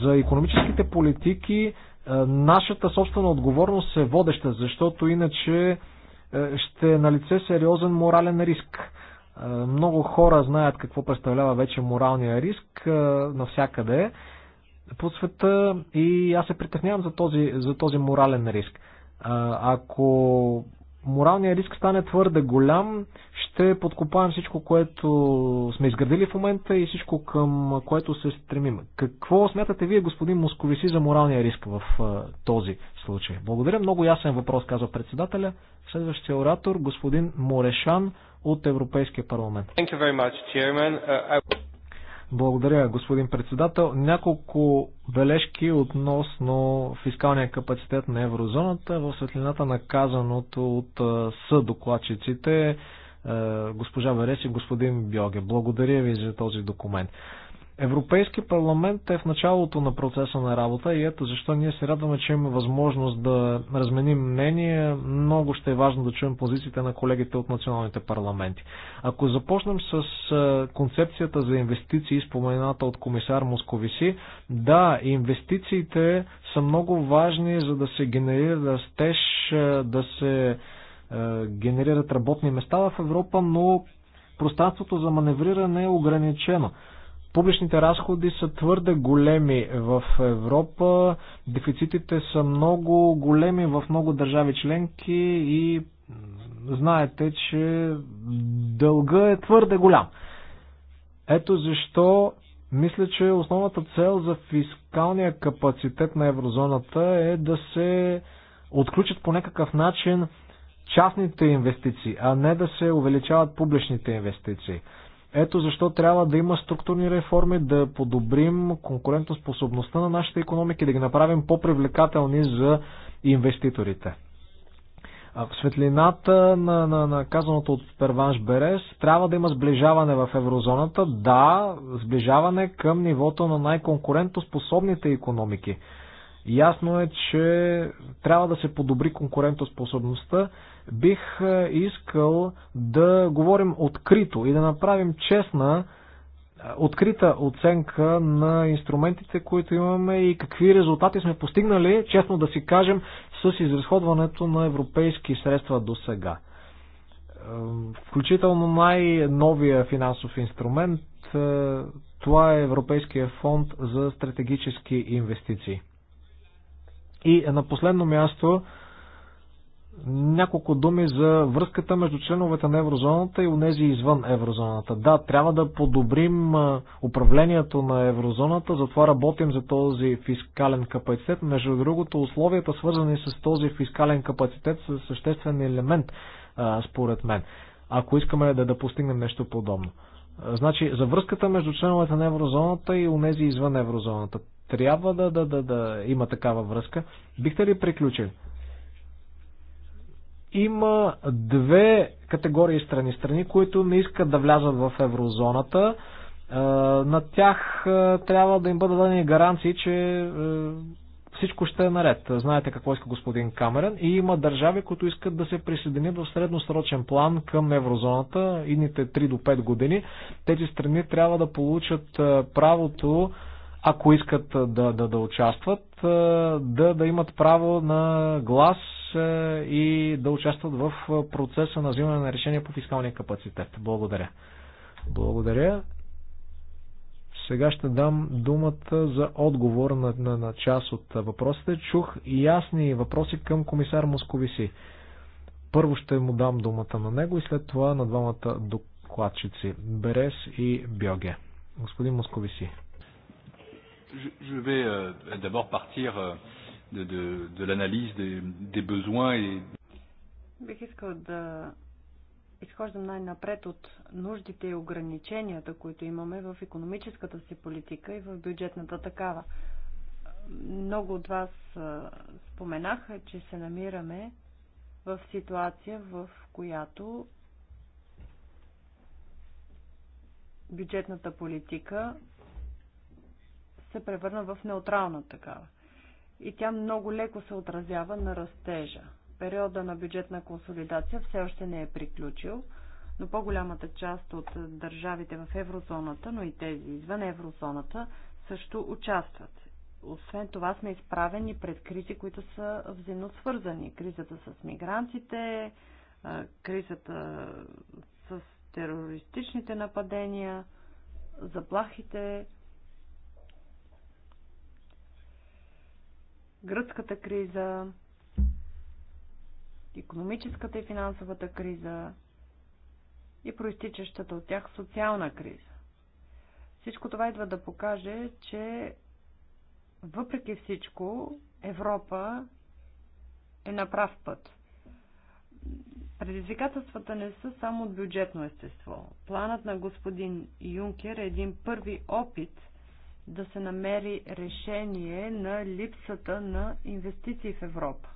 C: За економическите политики е, нашата собствена отговорност е водеща, защото иначе е, ще е на лице сериозен морален риск. Е, много хора знаят какво представлява вече моралния риск навсякъде по света и аз се притеснявам за този, за този морален риск. Ако моралният риск стане твърде голям, ще подкопаем всичко, което сме изградили в момента и всичко към което се стремим. Какво смятате вие, господин Московиси, за моралния риск в този случай? Благодаря. Много ясен въпрос, казва председателя. Следващия оратор, господин Морешан от Европейския парламент. Much, благодаря, господин председател. Няколко бележки относно фискалния капацитет на еврозоната в светлината на казаното от съдокладчиците госпожа Вереси и господин Бьоге. Благодаря ви за този документ. Европейски парламент е в началото на процеса на работа и ето защо ние се радваме, че имаме възможност да разменим мнение. Много ще е важно да чуем позициите на колегите от националните парламенти. Ако започнем с концепцията за инвестиции, спомената от комисар Московиси, да, инвестициите са много важни, за да се генерира растеж, да се генерират работни места в Европа, но пространството за маневриране е ограничено. Публичните разходи са твърде големи в Европа, дефицитите са много големи в много държави членки и знаете, че дълга е твърде голям. Ето защо мисля, че основната цел за фискалния капацитет на еврозоната е да се отключат по някакъв начин частните инвестиции, а не да се увеличават публичните инвестиции. Ето защо трябва да има структурни реформи, да подобрим конкурентоспособността на нашите економики, да ги направим по-привлекателни за инвеститорите. В светлината на, на, на казаното от Перванш Берес трябва да има сближаване в еврозоната. Да, сближаване към нивото на най-конкурентоспособните економики Ясно е, че трябва да се подобри конкурентоспособността. Бих е, искал да говорим открито и да направим честна, е, открита оценка на инструментите, които имаме и какви резултати сме постигнали, честно да си кажем, с изразходването на европейски средства до сега. Е, включително най-новия финансов инструмент, това е Европейския фонд за стратегически инвестиции. И е на последно място няколко думи за връзката между членовете на еврозоната и унези извън еврозоната. Да, трябва да подобрим управлението на еврозоната, затова работим за този фискален капацитет. Между другото, условията свързани с този фискален капацитет са съществен елемент, според мен, ако искаме да, да постигнем нещо подобно. Значи, за връзката между членовете на еврозоната и унези извън еврозоната трябва да, да, да, да има такава връзка. Бихте ли приключили? Има две категории страни. Страни, които не искат да влязат в еврозоната. Е, на тях е, трябва да им бъдат дадени гаранции, че е, всичко ще е наред. Знаете какво иска господин Камерен. И има държави, които искат да се присъединят в средносрочен план към еврозоната, идните 3 до 5 години. Тези страни трябва да получат правото ако искат да, да, да участват, да, да имат право на глас и да участват в процеса на взимане на решения по фискалния капацитет. Благодаря. Благодаря. Сега ще дам думата за отговор на, на, на част от въпросите. Чух и ясни въпроси към комисар Московиси. Първо ще му дам думата на него и след това на двамата докладчици Берес и Бьоге. Господин Московиси
A: je, je vais euh, d'abord partir euh, de, de, de l'analyse des, des besoins et.
B: Бих искал да изхождам най-напред от нуждите и ограниченията, които имаме в економическата си политика и в бюджетната такава. Много от вас споменаха, че се намираме в ситуация, в която бюджетната политика се превърна в неутрална такава. И тя много леко се отразява на растежа. Периода на бюджетна консолидация все още не е приключил, но по-голямата част от държавите в еврозоната, но и тези извън еврозоната, също участват. Освен това сме изправени пред кризи, които са взаимно свързани. Кризата с мигрантите, кризата с терористичните нападения, заплахите гръцката криза, економическата и финансовата криза и проистичащата от тях социална криза. Всичко това идва да покаже, че въпреки всичко Европа е на прав път. Предизвикателствата не са само от бюджетно естество. Планът на господин Юнкер е един първи опит – да се намери решение на липсата на инвестиции в Европа.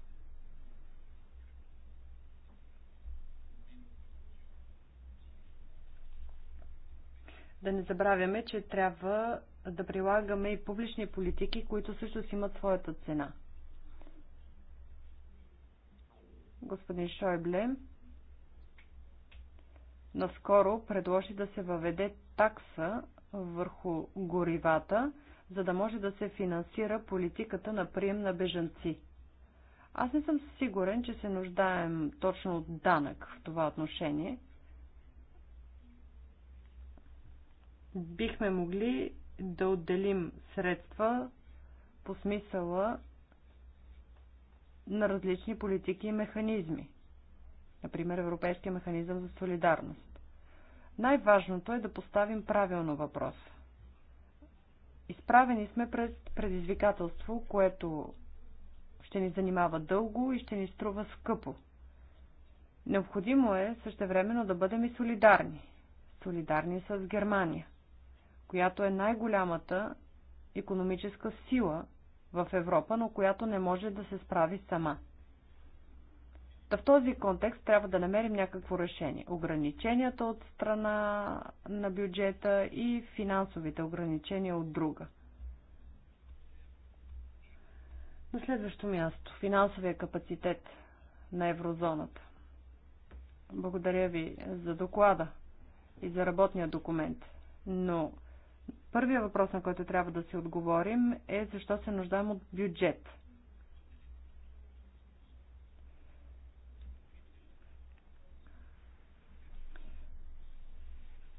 B: Да не забравяме, че трябва да прилагаме и публични политики, които също си имат своята цена. Господин Шойбле наскоро предложи да се въведе такса върху горивата, за да може да се финансира политиката на прием на бежанци. Аз не съм сигурен, че се нуждаем точно от данък в това отношение. Бихме могли да отделим средства по смисъла на различни политики и механизми. Например, Европейския механизъм за солидарност. Най-важното е да поставим правилно въпроса. Изправени сме пред предизвикателство, което ще ни занимава дълго и ще ни струва скъпо. Необходимо е същевременно да бъдем и солидарни. Солидарни с Германия, която е най-голямата економическа сила в Европа, но която не може да се справи сама. Та в този контекст трябва да намерим някакво решение. Ограниченията от страна на бюджета и финансовите ограничения от друга. На следващо място финансовия капацитет на еврозоната. Благодаря ви за доклада и за работния документ. Но първият въпрос, на който трябва да си отговорим е защо се нуждаем от бюджет –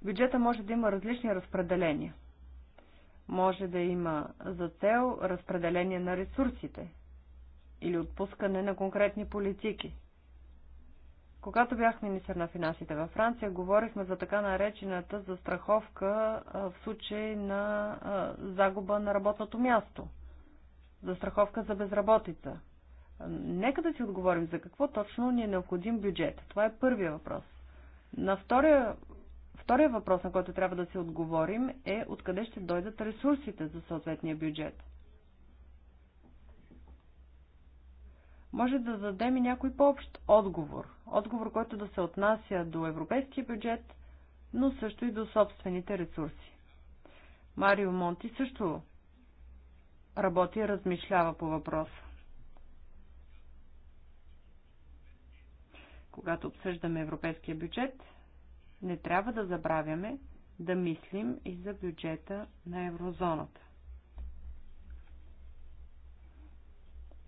B: бюджета може да има различни разпределения. Може да има за цел разпределение на ресурсите или отпускане на конкретни политики. Когато бях министър на финансите във Франция, говорихме за така наречената застраховка в случай на загуба на работното място. Застраховка за безработица. Нека да си отговорим за какво точно ни е необходим бюджет. Това е първия въпрос. На втория Втория въпрос, на който трябва да се отговорим е откъде ще дойдат ресурсите за съответния бюджет. Може да дадем и някой по-общ отговор. Отговор, който да се отнася до европейския бюджет, но също и до собствените ресурси. Марио Монти също работи и размишлява по въпроса. Когато обсъждаме европейския бюджет, не трябва да забравяме да мислим и за бюджета на еврозоната.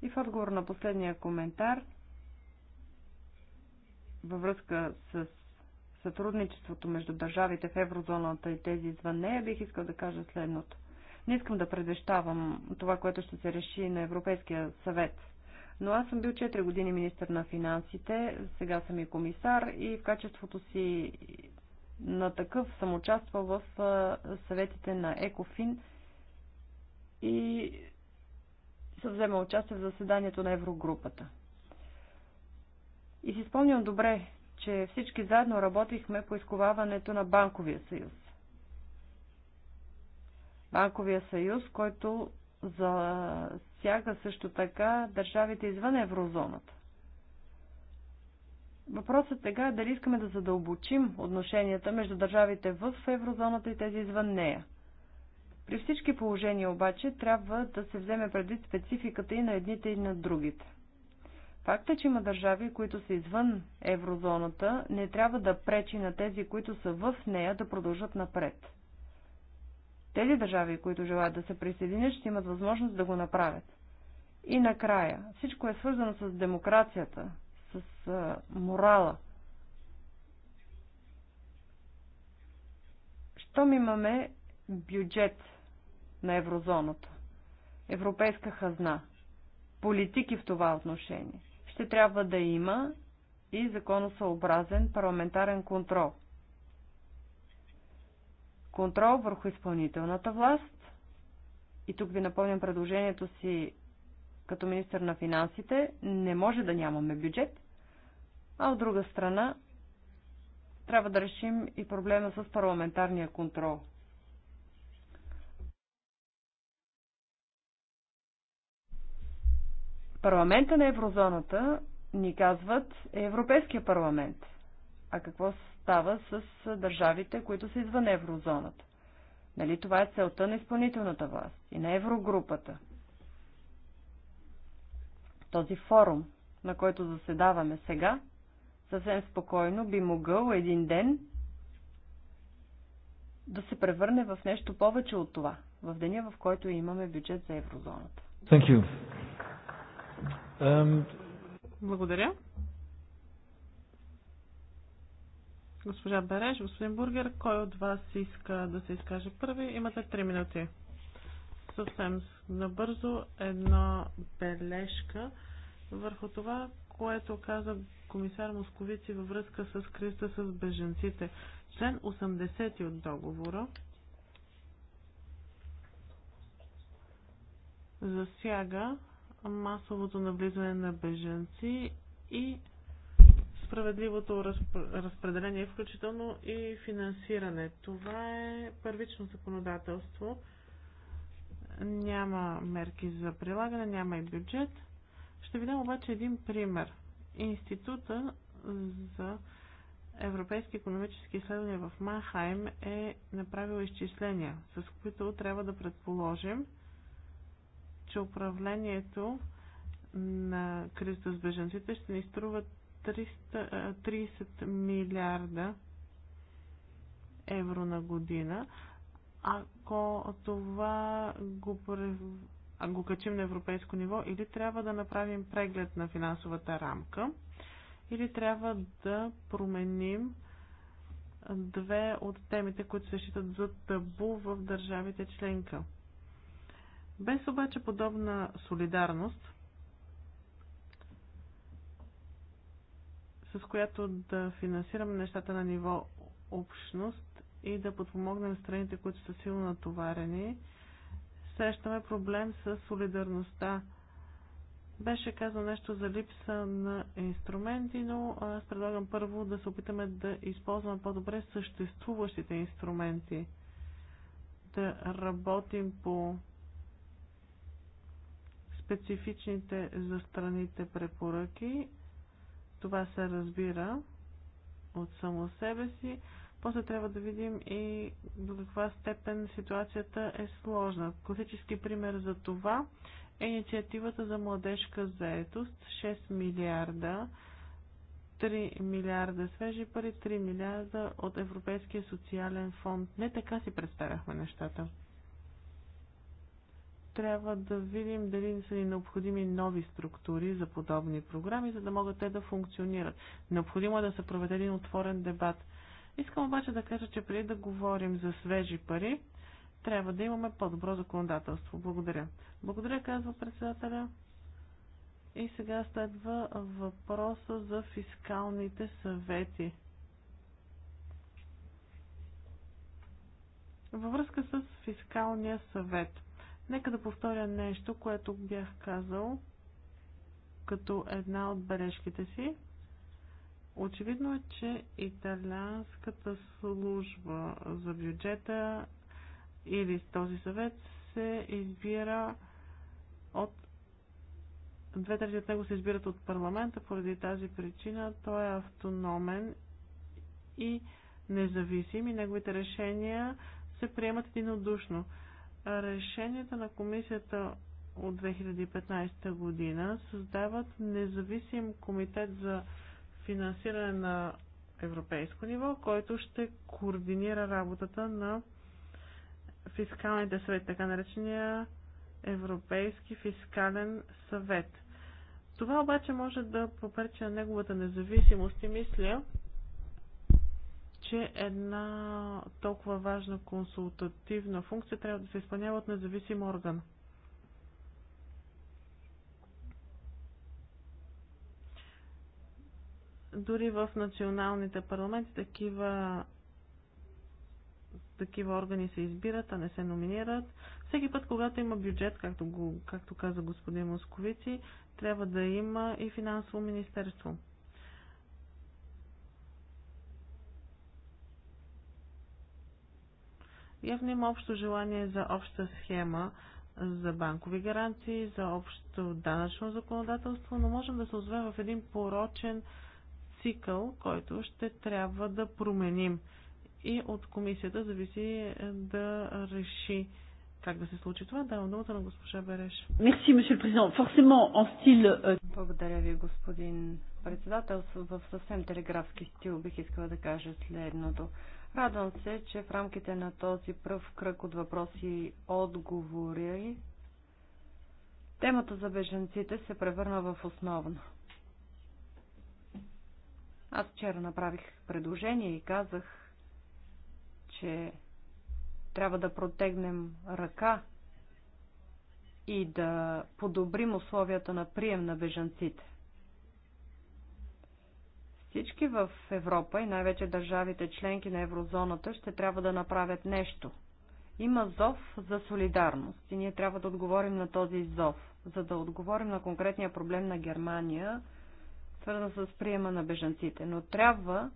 B: И в отговор на последния коментар във връзка с сътрудничеството между държавите в еврозоната и тези извън нея, бих искал да кажа следното. Не искам да предвещавам това, което ще се реши на Европейския съвет – но аз съм бил 4 години министър на финансите, сега съм и комисар и в качеството си на такъв съм участвал в съветите на ЕКОФИН и съм вземал участие в заседанието на Еврогрупата. И си спомням добре, че всички заедно работихме по изковаването на Банковия съюз. Банковия съюз, който засяга също така държавите извън еврозоната. Въпросът сега е дали искаме да задълбочим отношенията между държавите в еврозоната и тези извън нея. При всички положения обаче трябва да се вземе предвид спецификата и на едните и на другите. Факта, че има държави, които са извън еврозоната, не трябва да пречи на тези, които са в нея, да продължат напред. Тези държави, които желаят да се присъединят, ще имат възможност да го направят. И накрая, всичко е свързано с демокрацията, с а, морала. Щом имаме бюджет на еврозоната, европейска хазна, политики в това отношение, ще трябва да има и законосъобразен парламентарен контрол – контрол върху изпълнителната власт. И тук ви напомням предложението си като министр на финансите. Не може да нямаме бюджет, а от друга страна трябва да решим и проблема с парламентарния контрол. Парламента на еврозоната ни казват е Европейския парламент. А какво става с държавите, които са извън еврозоната. Нали това е целта на изпълнителната власт и на еврогрупата? Този форум, на който заседаваме сега, съвсем спокойно би могъл един ден да се превърне в нещо повече от това, в деня, в който имаме бюджет за еврозоната.
C: Thank you.
D: Um... Благодаря. Госпожа Береж, господин Бургер, кой от вас иска да се изкаже първи? Имате 3 минути. Съвсем набързо една бележка върху това, което каза комисар Московици във връзка с кризата с беженците. Член 80 от договора засяга масовото навлизане на беженци и справедливото разпределение, включително и финансиране. Това е първично законодателство. Няма мерки за прилагане, няма и бюджет. Ще ви дам обаче един пример. Института за европейски економически изследвания в Манхайм е направил изчисления, с които трябва да предположим, че управлението на кризата с беженците ще ни струват 30 милиарда евро на година. Ако това го, го качим на европейско ниво, или трябва да направим преглед на финансовата рамка, или трябва да променим две от темите, които се считат за табу в държавите членка. Без обаче подобна солидарност, с която да финансираме нещата на ниво общност и да подпомогнем страните, които са силно натоварени. Срещаме проблем с солидарността. Беше казано нещо за липса на инструменти, но аз предлагам първо да се опитаме да използваме по-добре съществуващите инструменти. Да работим по специфичните за страните препоръки това се разбира от само себе си. После трябва да видим и до каква степен ситуацията е сложна. Класически пример за това е инициативата за младежка заетост 6 милиарда 3 милиарда свежи пари, 3 милиарда от Европейския социален фонд. Не така си представяхме нещата трябва да видим дали не са ни необходими нови структури за подобни програми, за да могат те да функционират. Необходимо е да се проведе един отворен дебат. Искам обаче да кажа, че преди да говорим за свежи пари, трябва да имаме по-добро законодателство. Благодаря. Благодаря, казва председателя. И сега следва въпроса за фискалните съвети. Във връзка с фискалния съвет – Нека да повторя нещо, което бях казал като една от бележките си. Очевидно е, че италианската служба за бюджета или този съвет се избира от две трети от него се избират от парламента, поради тази причина той е автономен и независим и неговите решения се приемат единодушно решенията на комисията от 2015 година създават независим комитет за финансиране на европейско ниво, който ще координира работата на фискалните съвет, така наречения Европейски фискален съвет. Това обаче може да попречи на неговата независимост и мисля, че една толкова важна консултативна функция трябва да се изпълнява от независим орган. Дори в националните парламенти такива такива органи се избират, а не се номинират. Всеки път, когато има бюджет, както, го, както каза господин Московици, трябва да има и финансово министерство. Явно има общо желание за обща схема за банкови гаранции, за общо данъчно законодателство, но можем да се озовем в един порочен цикъл, който ще трябва да променим. И от комисията зависи е, да реши как да се случи това. Давам думата на госпожа Береш. Мерси, месье президент.
B: Форсимо, он стил... Благодаря ви, господин председател. В съвсем телеграфски стил бих искала да кажа следното. Радвам се, че в рамките на този пръв кръг от въпроси и отговори темата за беженците се превърна в основна. Аз вчера направих предложение и казах, че трябва да протегнем ръка и да подобрим условията на прием на бежанците. Всички в Европа и най-вече държавите членки на еврозоната ще трябва да направят нещо. Има зов за солидарност и ние трябва да отговорим на този зов. За да отговорим на конкретния проблем на Германия, свързан с приема на бежанците. Но трябва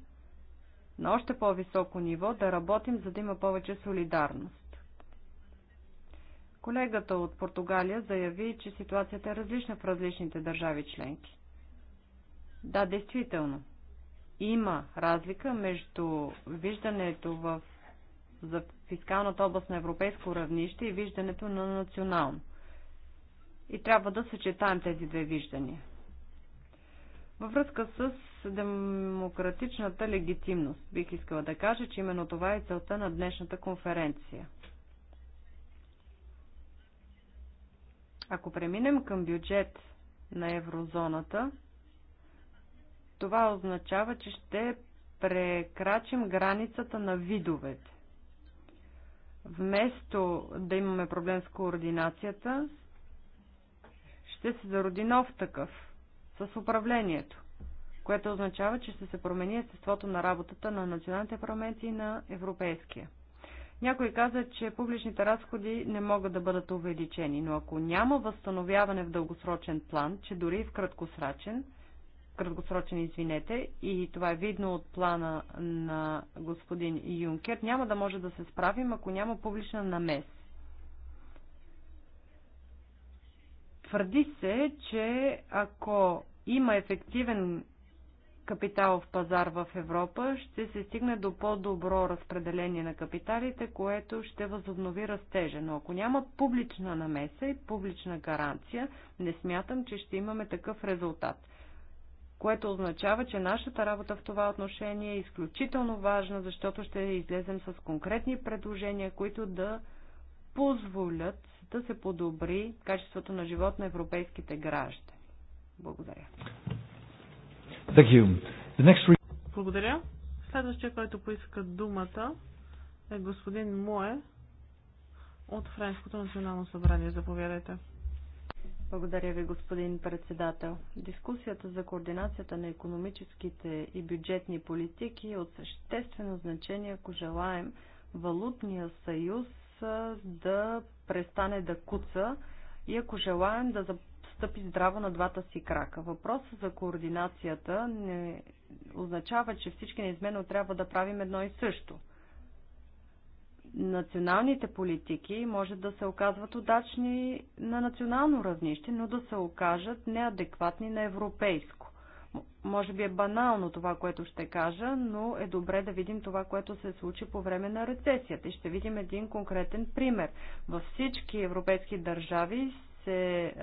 B: на още по-високо ниво да работим, за да има повече солидарност. Колегата от Португалия заяви, че ситуацията е различна в различните държави членки. Да, действително има разлика между виждането в, за фискалната област на европейско равнище и виждането на национално. И трябва да съчетаем тези две виждания. Във връзка с демократичната легитимност, бих искала да кажа, че именно това е целта на днешната конференция. Ако преминем към бюджет на еврозоната, това означава, че ще прекрачим границата на видовете. Вместо да имаме проблем с координацията, ще се зароди нов такъв с управлението, което означава, че ще се промени естеството на работата на националните парламенти и на европейския. Някой каза, че публичните разходи не могат да бъдат увеличени, но ако няма възстановяване в дългосрочен план, че дори и в краткосрачен, краткосрочен, извинете, и това е видно от плана на господин Юнкер, няма да може да се справим, ако няма публична намес. Твърди се, че ако има ефективен капиталов пазар в Европа, ще се стигне до по-добро разпределение на капиталите, което ще възобнови растежа. Но ако няма публична намеса и публична гаранция, не смятам, че ще имаме такъв резултат което означава, че нашата работа в това отношение е изключително важна, защото ще излезем с конкретни предложения, които да позволят да се подобри качеството на живот на европейските
D: граждани. Благодаря.
A: Thank you. The next...
D: Благодаря. Следващия, който поиска думата е господин Мое от Френското национално събрание. Заповядайте. Благодаря
B: ви, господин председател. Дискусията за координацията на економическите и бюджетни политики е от съществено значение, ако желаем валутния съюз да престане да куца и ако желаем да стъпи здраво на двата си крака. Въпросът за координацията не означава, че всички неизменно трябва да правим едно и също – националните политики може да се оказват удачни на национално равнище, но да се окажат неадекватни на европейско. Може би е банално това, което ще кажа, но е добре да видим това, което се случи по време на рецесията. И ще видим един конкретен пример. Във всички европейски държави се е,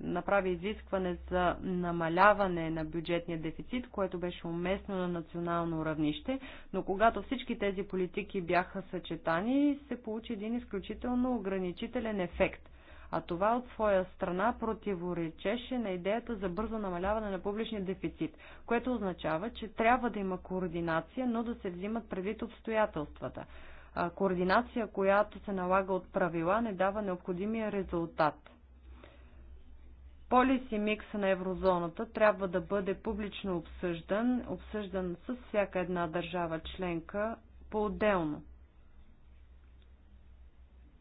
B: направи изискване за намаляване на бюджетния дефицит, което беше уместно на национално равнище, но когато всички тези политики бяха съчетани, се получи един изключително ограничителен ефект. А това от своя страна противоречеше на идеята за бързо намаляване на публичния дефицит, което означава, че трябва да има координация, но да се взимат предвид обстоятелствата координация, която се налага от правила, не дава необходимия резултат. Полиси микс на еврозоната трябва да бъде публично обсъждан, обсъждан с всяка една държава членка по-отделно.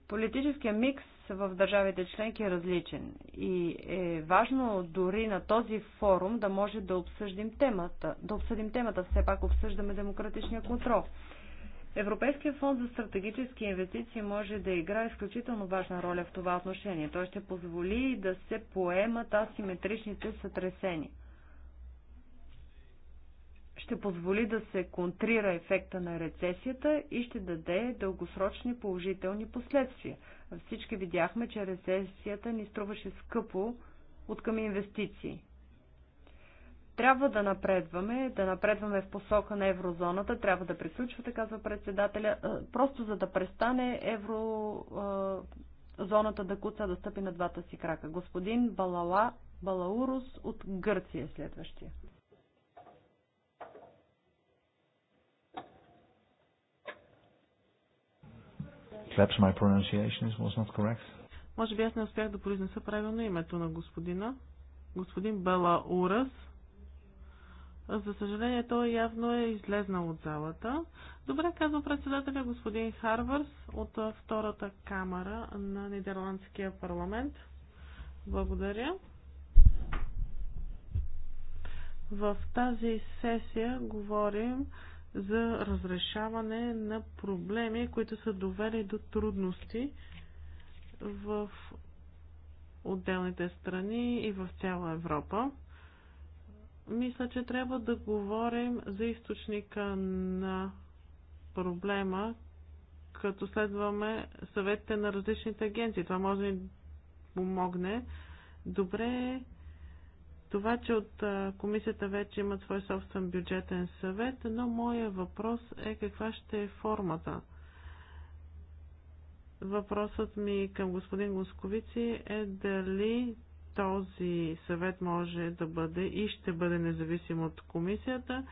B: Политическият микс в държавите членки е различен и е важно дори на този форум да може да обсъдим темата. Да обсъдим темата, все пак обсъждаме демократичния контрол. Европейския фонд за стратегически инвестиции може да игра изключително важна роля в това отношение. Той ще позволи да се поемат асиметричните сътресени. Ще позволи да се контрира ефекта на рецесията и ще даде дългосрочни положителни последствия. Всички видяхме, че рецесията ни струваше скъпо от към инвестиции. Трябва да напредваме, да напредваме в посока на еврозоната, трябва да приключвате, казва председателя, е, просто за да престане еврозоната е, да куца, да стъпи на двата си крака. Господин Балала, Балаурус от Гърция следващия.
C: Perhaps my pronunciation was not correct.
D: Може би аз не успях да произнеса правилно името на господина. Господин Бела за съжаление, той явно е излезнал от залата. Добре, казва председателя господин Харвърс от втората камера на Нидерландския парламент. Благодаря. В тази сесия говорим за разрешаване на проблеми, които са довели до трудности в отделните страни и в цяла Европа мисля, че трябва да говорим за източника на проблема, като следваме съветите на различните агенции. Това може да ни помогне. Добре е това, че от комисията вече имат свой собствен бюджетен съвет, но моя въпрос е каква ще е формата. Въпросът ми към господин Госковици е дали този съвет може да бъде и ще бъде независим от комисията.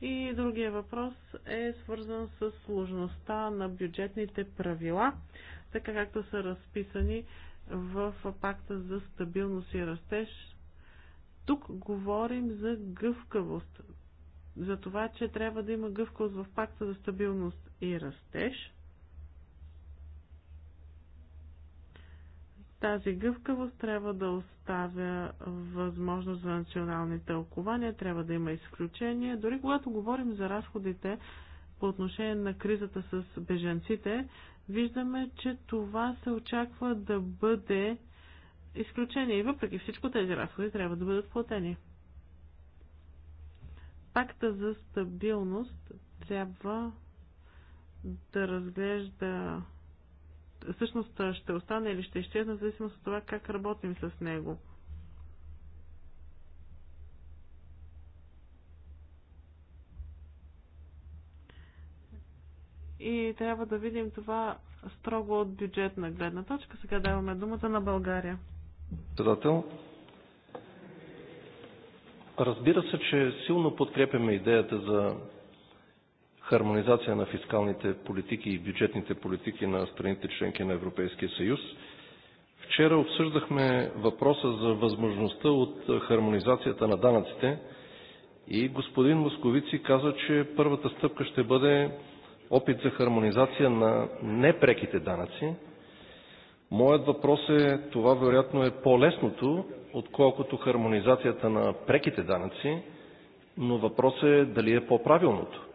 D: И другия въпрос е свързан с сложността на бюджетните правила, така както са разписани в пакта за стабилност и растеж. Тук говорим за гъвкавост, за това, че трябва да има гъвкавост в пакта за стабилност и растеж – Тази гъвкавост трябва да оставя възможност за национални тълкования, трябва да има изключения. Дори когато говорим за разходите по отношение на кризата с беженците, виждаме, че това се очаква да бъде изключение и въпреки всичко тези разходи трябва да бъдат платени. Пакта за стабилност трябва да разглежда всъщност ще остане или ще изчезне, в зависимост от това как работим с него. И трябва да видим това строго от бюджетна гледна точка. Сега даваме думата на България.
A: Председател, разбира се, че силно подкрепяме идеята за хармонизация на фискалните политики и бюджетните политики на страните членки на Европейския съюз. Вчера обсъждахме въпроса за възможността от хармонизацията на данъците и господин Московици каза, че първата стъпка ще бъде опит за хармонизация на непреките данъци. Моят въпрос е, това вероятно е по-лесното, отколкото хармонизацията на преките данъци, но въпросът е дали е по-правилното.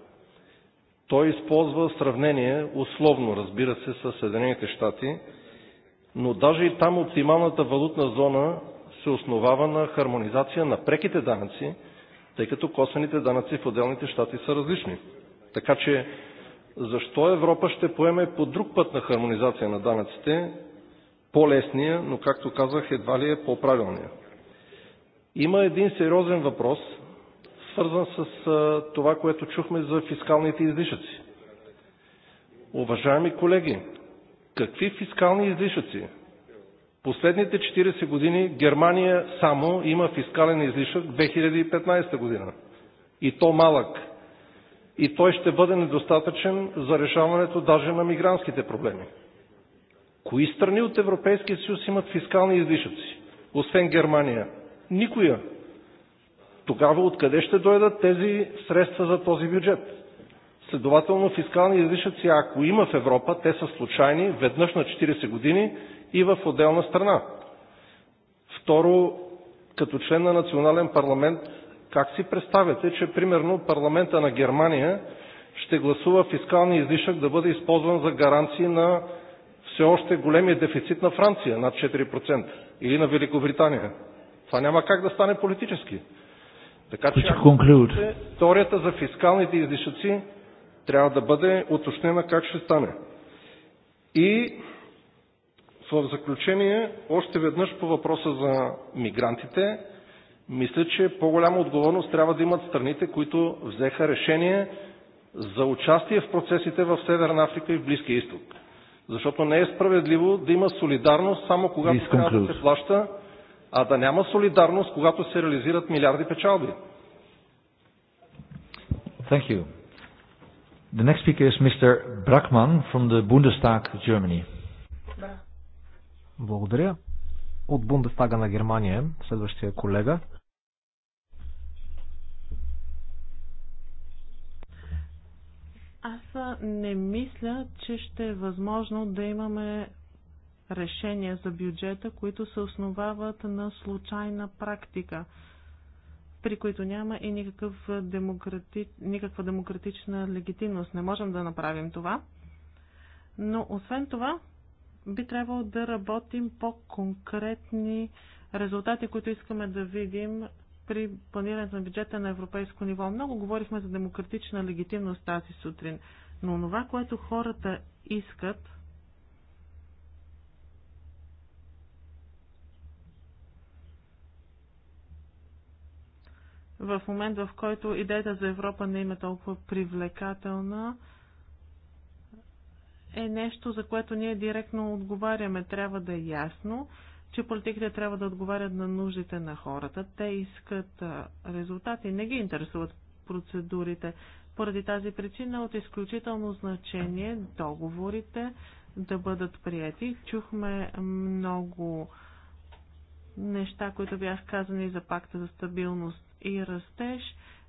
A: Той използва сравнение, условно, разбира се, с Съединените щати, но даже и там оптималната валутна зона се основава на хармонизация на преките данъци, тъй като косвените данъци в отделните щати са различни. Така че защо Европа ще поеме по друг път на хармонизация на данъците, по-лесния, но както казах, едва ли е по правилния Има един сериозен въпрос, свързан с това, което чухме за фискалните излишъци. Уважаеми колеги, какви фискални излишъци? Последните 40 години Германия само има фискален излишък 2015 година. И то малък. И той ще бъде недостатъчен за решаването даже на мигрантските проблеми. Кои страни от Европейския съюз имат фискални излишъци, освен Германия? Никоя тогава откъде ще дойдат тези средства за този бюджет? Следователно фискални излишъци, ако има в Европа, те са случайни – веднъж на 40 години и в отделна страна. Второ, като член на национален парламент как си представяте, че примерно парламента на Германия ще гласува фискалния излишък да бъде използван за гаранции на все още големия дефицит на Франция – над 4%, или на Великобритания? Това няма как да стане политически. Така че теорията за фискалните излишъци трябва да бъде уточнена как ще стане. И в заключение, още веднъж по въпроса за мигрантите, мисля, че по-голяма отговорност трябва да имат страните, които взеха решение за участие в процесите в Северна Африка и в Близкия изток. Защото не е справедливо да има солидарност само когато трябва да се плаща а да няма солидарност, когато се реализират милиарди печалби.
C: Thank you. The next speaker is Mr. Brackman from the Bundestag, Germany. Благодаря. От Бундестага на Германия, следващия колега.
D: Аз не мисля, че ще е възможно да имаме решения за бюджета, които се основават на случайна практика, при които няма и никакъв демократи... никаква демократична легитимност. Не можем да направим това. Но освен това, би трябвало да работим по конкретни резултати, които искаме да видим при планирането на бюджета на европейско ниво. Много говорихме за демократична легитимност тази сутрин, но това, което хората искат, в момент, в който идеята за Европа не им е толкова привлекателна, е нещо, за което ние директно отговаряме. Трябва да е ясно, че политиките трябва да отговарят на нуждите на хората. Те искат резултати, не ги интересуват процедурите. Поради тази причина от изключително значение договорите да бъдат прияти. Чухме много неща, които бях казани за пакта за стабилност и растеж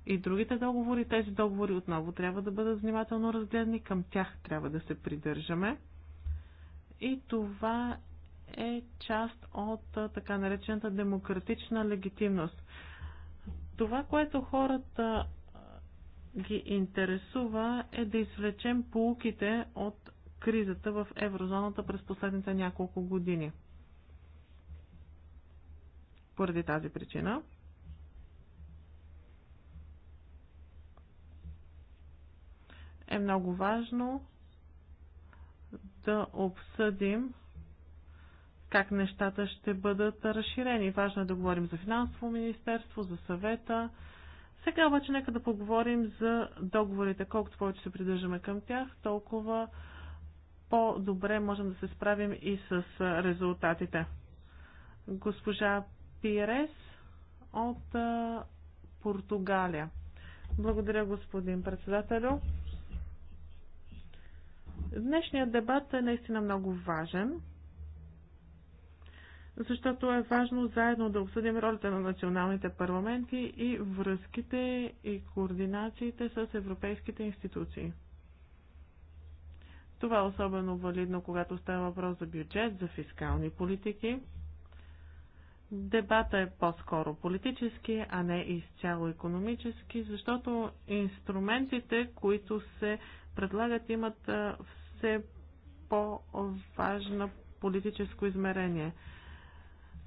D: и другите договори, тези договори отново трябва да бъдат внимателно разгледани, към тях трябва да се придържаме. И това е част от така наречената демократична легитимност. Това, което хората ги интересува е да извлечем полуките от кризата в еврозоната през последните няколко години. Поради тази причина е много важно да обсъдим как нещата ще бъдат разширени. Важно е да говорим за финансово министерство, за съвета. Сега обаче нека да поговорим за договорите. Колкото повече се придържаме към тях, толкова по-добре можем да се справим и с резултатите. Госпожа Пирес от Португалия. Благодаря, господин председателю. Днешният дебат е наистина много важен, защото е важно заедно да обсъдим ролята на националните парламенти и връзките и координациите с европейските институции. Това е особено валидно, когато става въпрос за бюджет, за фискални политики. Дебата е по-скоро политически, а не изцяло економически, защото инструментите, които се предлагат, имат все по-важна политическо измерение.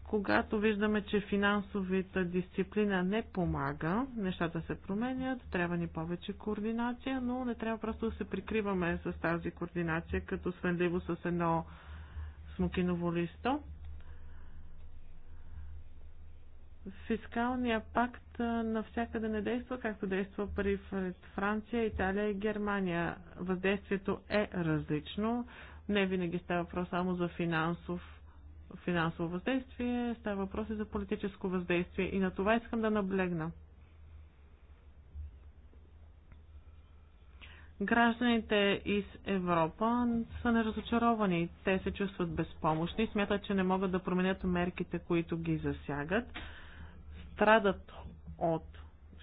D: Когато виждаме, че финансовата дисциплина не помага, нещата се променят, трябва ни повече координация, но не трябва просто да се прикриваме с тази координация, като свенливо с едно смокиново листо. фискалния пакт навсякъде не действа, както действа при Франция, Италия и Германия. Въздействието е различно. Не винаги става въпрос само за финансов, финансово въздействие, става въпрос и за политическо въздействие. И на това искам да наблегна. Гражданите из Европа са неразочаровани. Те се чувстват безпомощни, смятат, че не могат да променят мерките, които ги засягат страдат от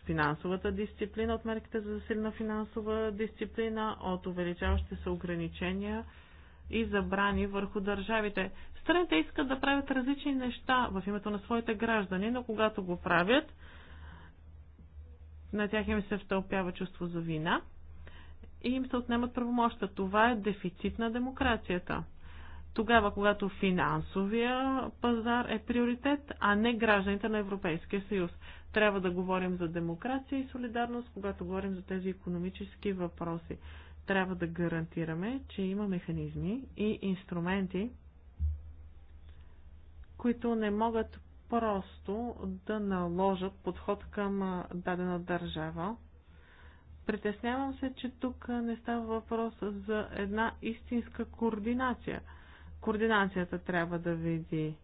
D: финансовата дисциплина, от мерките за засилена финансова дисциплина, от увеличаващи се ограничения и забрани върху държавите. Страните искат да правят различни неща в името на своите граждани, но когато го правят, на тях им се втълпява чувство за вина и им се отнемат правомощта. Това е дефицит на демокрацията тогава, когато финансовия пазар е приоритет, а не гражданите на Европейския съюз. Трябва да говорим за демокрация и солидарност, когато говорим за тези економически въпроси. Трябва да гарантираме, че има механизми и инструменти, които не могат просто да наложат подход към дадена държава. Притеснявам се, че тук не става въпрос за една истинска координация – Координацията трябва да види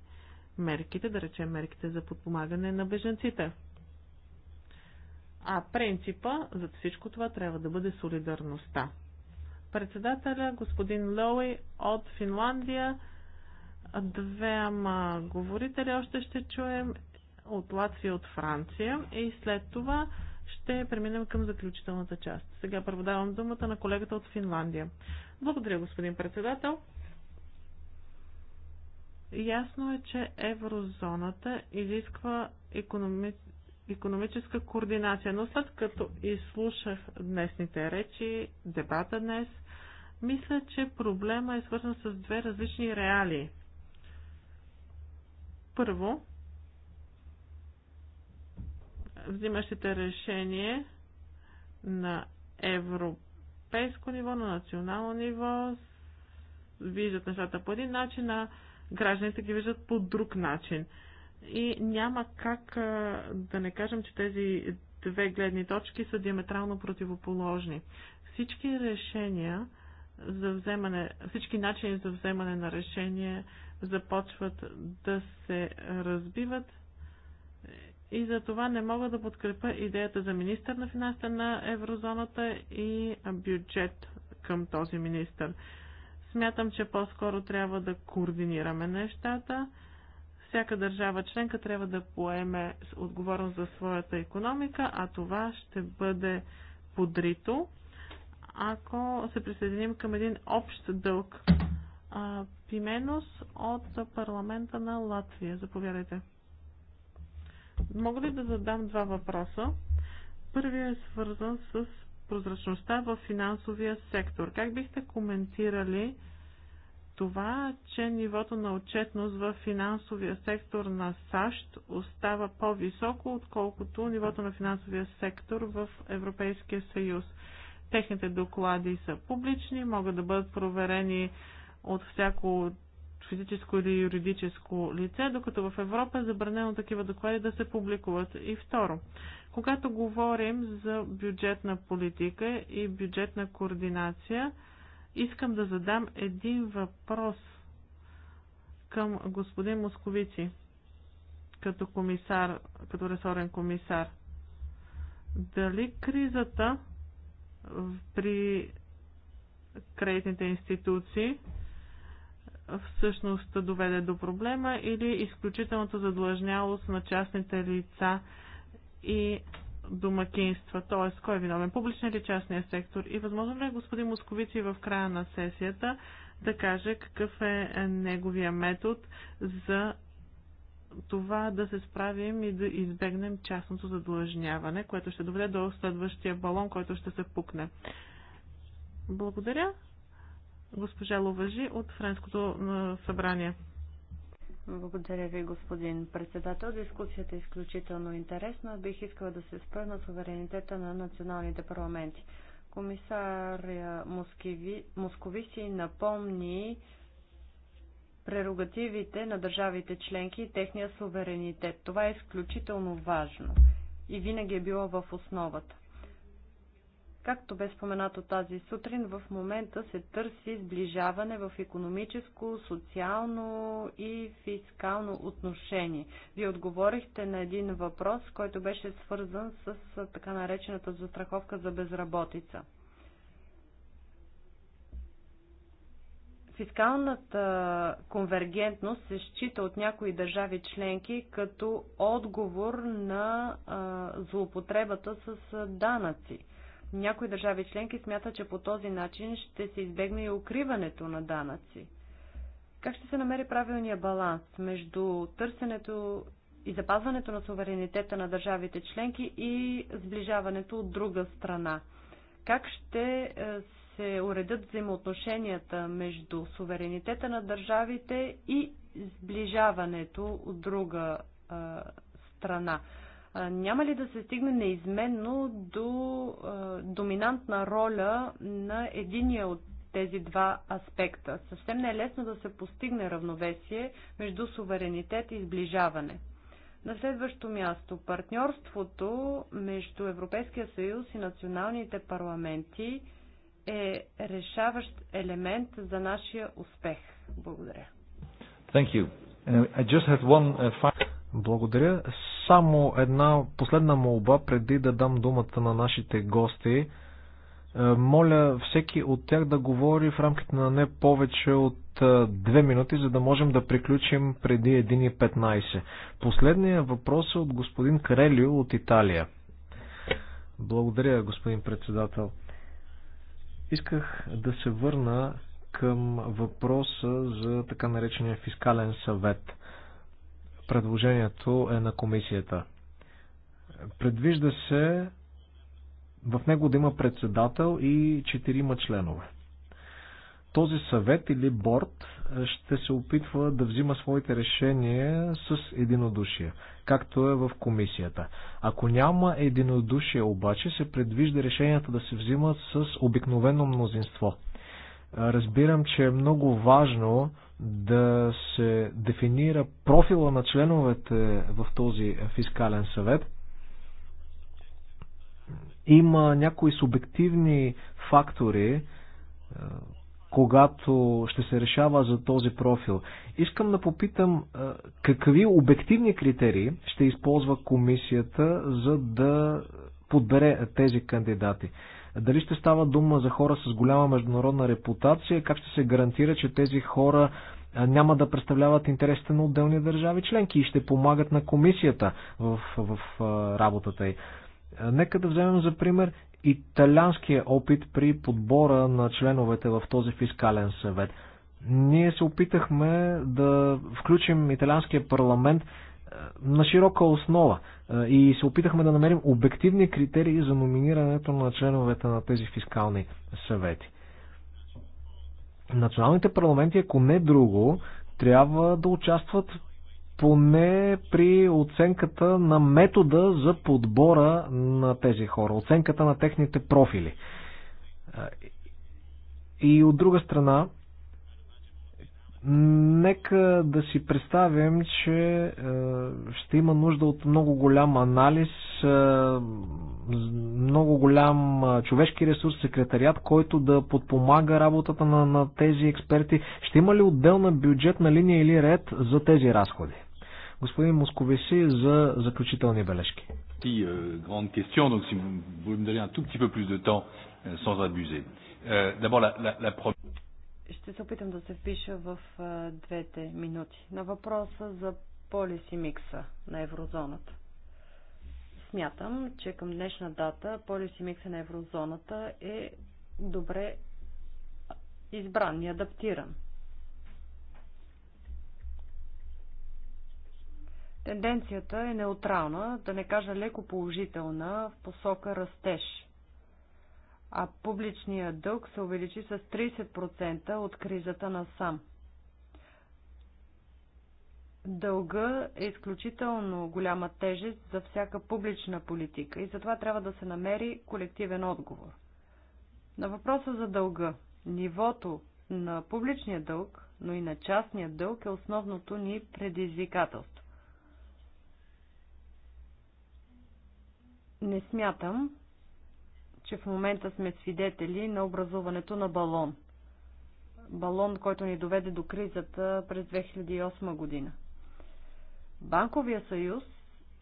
D: мерките, да речем мерките за подпомагане на беженците. А принципа за всичко това трябва да бъде солидарността. Председателя господин Лоуи от Финландия, двема говорители още ще чуем от Латвия от Франция и след това ще преминем към заключителната част. Сега първо давам думата на колегата от Финландия. Благодаря, господин председател. Ясно е, че еврозоната изисква економи... економическа координация, но след като изслушах днесните речи, дебата днес, мисля, че проблема е свързан с две различни реалии. Първо, взимащите решение на европейско ниво, на национално ниво, виждат нещата по един начин, а на гражданите ги виждат по друг начин. И няма как да не кажем, че тези две гледни точки са диаметрално противоположни. Всички решения за вземане, всички начини за вземане на решение започват да се разбиват и за това не мога да подкрепа идеята за министър на финансите на еврозоната и бюджет към този министър. Смятам, че по-скоро трябва да координираме нещата. Всяка държава членка трябва да поеме отговорност за своята економика, а това ще бъде подрито, ако се присъединим към един общ дълг. Пименос от парламента на Латвия. Заповядайте. Мога ли да задам два въпроса? Първият е свързан с прозрачността в финансовия сектор. Как бихте коментирали това, че нивото на отчетност в финансовия сектор на САЩ остава по-високо, отколкото нивото на финансовия сектор в Европейския съюз? Техните доклади са публични, могат да бъдат проверени от всяко физическо или юридическо лице, докато в Европа е забранено такива доклади да се публикуват. И второ, когато говорим за бюджетна политика и бюджетна координация, искам да задам един въпрос към господин Московици като комисар, като ресорен комисар. Дали кризата при кредитните институции всъщност доведе до проблема или изключителната задлъжнялост на частните лица и домакинства, т.е. кой е виновен, публичен или частния сектор. И възможно ли е господин Московици в края на сесията да каже какъв е неговия метод за това да се справим и да избегнем частното задлъжняване, което ще доведе до следващия балон, който ще се пукне. Благодаря госпожа Ловажи от Френското събрание.
B: Благодаря ви, господин председател. Дискусията е изключително интересна. Бих искала да се спра на суверенитета на националните парламенти. Комисар Московиси напомни прерогативите на държавите членки и техния суверенитет. Това е изключително важно и винаги е било в основата. Както бе споменато тази сутрин, в момента се търси сближаване в економическо, социално и фискално отношение. Вие отговорихте на един въпрос, който беше свързан с така наречената застраховка за безработица. Фискалната конвергентност се счита от някои държави членки като отговор на злоупотребата с данъци някои държави членки смятат, че по този начин ще се избегне и укриването на данъци. Как ще се намери правилния баланс между търсенето и запазването на суверенитета на държавите членки и сближаването от друга страна? Как ще е, се уредят взаимоотношенията между суверенитета на държавите и сближаването от друга а, е, страна? няма ли да се стигне неизменно до доминантна роля на единия от тези два аспекта? Съвсем не е лесно да се постигне равновесие между суверенитет и сближаване. На следващо място, партньорството между Европейския съюз и националните парламенти е решаващ елемент за нашия успех. Благодаря.
C: Thank you. I just one uh, благодаря. Само една последна молба, преди да дам думата на нашите гости. Е, моля всеки от тях да говори в рамките на не повече от е, две минути, за да можем да приключим преди 1.15. Последният въпрос е от господин Карелио от Италия. Благодаря, господин председател. Исках да се върна към въпроса за така наречения фискален съвет – Предложението е на комисията. Предвижда се в него да има председател и четирима членове. Този съвет или борт ще се опитва да взима своите решения с единодушие, както е в комисията. Ако няма единодушие обаче, се предвижда решенията да се взимат с обикновено мнозинство. Разбирам, че е много важно да се дефинира профила на членовете в този фискален съвет. Има някои субективни фактори, е, когато ще се решава за този профил. Искам да попитам е, какви обективни критерии ще използва комисията, за да подбере тези кандидати. Дали ще става дума за хора с голяма международна репутация? Как ще се гарантира, че тези хора няма да представляват интересите на отделни държави членки и ще помагат на комисията в, в, в работата й? Нека да вземем за пример италианския опит при подбора на членовете в този фискален съвет. Ние се опитахме да включим италианския парламент на широка основа и се опитахме да намерим обективни критерии за номинирането на членовете на тези фискални съвети. Националните парламенти, ако не друго, трябва да участват поне при оценката на метода за подбора на тези хора, оценката на техните профили. И от друга страна, Нека да си представим, че е, ще има нужда от много голям анализ, е, много голям е, човешки ресурс, секретариат, който да подпомага работата на, на тези експерти. Ще има ли отделна бюджетна линия или ред за тези разходи? Господин Московеси за заключителни бележки.
A: Ти, grande е, question, donc si vous me donnez un tout petit peu plus de temps, euh, sans abuser. Euh, d'abord, la, la, la première...
B: Ще се опитам да се впиша в двете минути. На въпроса за полиси микса на еврозоната. Смятам, че към днешна дата полиси микса на еврозоната е добре избран и адаптиран. Тенденцията е неутрална, да не кажа леко положителна, в посока растеж – а публичният дълг се увеличи с 30% от кризата на сам. Дълга е изключително голяма тежест за всяка публична политика и затова трябва да се намери колективен отговор. На въпроса за дълга, нивото на публичния дълг, но и на частния дълг е основното ни предизвикателство. Не смятам, че в момента сме свидетели на образуването на балон. Балон, който ни доведе до кризата през 2008 година. Банковия съюз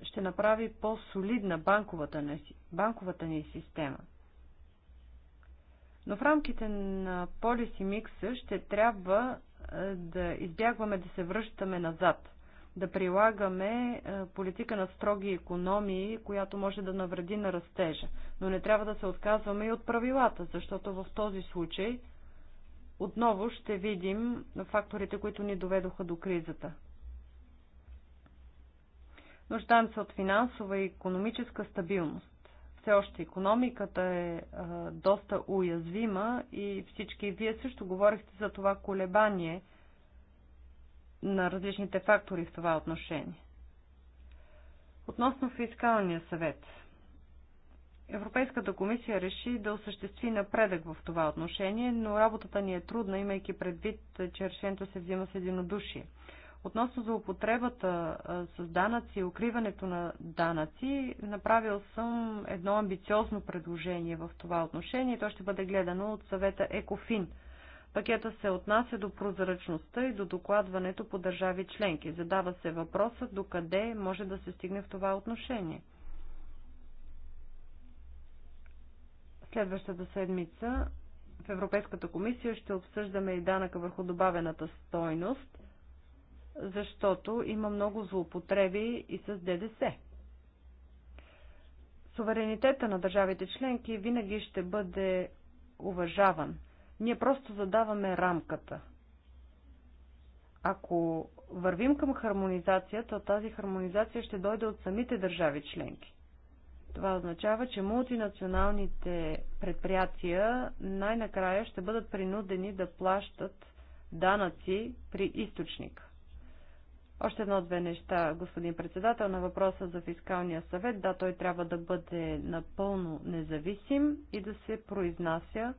B: ще направи по-солидна банковата, ни, банковата ни система. Но в рамките на полиси микса ще трябва е, да избягваме да се връщаме назад – да прилагаме е, политика на строги економии, която може да навреди на растежа. Но не трябва да се отказваме и от правилата, защото в този случай отново ще видим факторите, които ни доведоха до кризата. Нуждаем се от финансова и економическа стабилност. Все още економиката е а, е, доста уязвима и всички вие също говорихте за това колебание – на различните фактори в това отношение. Относно фискалния съвет. Европейската комисия реши да осъществи напредък в това отношение, но работата ни е трудна, имайки предвид, че решението се взима с единодушие. Относно за употребата с данъци и укриването на данъци, направил съм едно амбициозно предложение в това отношение. То ще бъде гледано от съвета ЕКОФИН – Пакета се отнася до прозрачността и до докладването по държави членки. Задава се въпроса до къде може да се стигне в това отношение. Следващата седмица в Европейската комисия ще обсъждаме и данъка върху добавената стойност, защото има много злоупотреби и с ДДС. Суверенитета на държавите членки винаги ще бъде уважаван ние просто задаваме рамката. Ако вървим към хармонизация, то тази хармонизация ще дойде от самите държави членки. Това означава, че мултинационалните предприятия най-накрая ще бъдат принудени да плащат данъци при източника. Още едно-две неща, господин председател, на въпроса за фискалния съвет. Да, той трябва да бъде напълно независим и да се произнася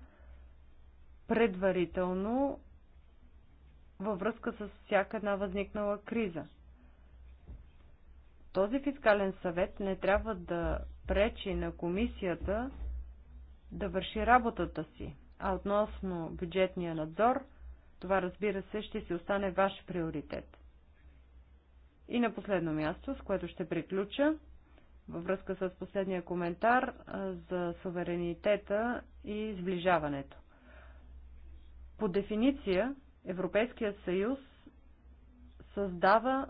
B: предварително във връзка с всяка една възникнала криза. Този фискален съвет не трябва да пречи на комисията да върши работата си. А относно бюджетния надзор, това разбира се ще си остане ваш приоритет. И на последно място, с което ще приключа, във връзка с последния коментар за суверенитета и сближаването. По дефиниция Европейския съюз създава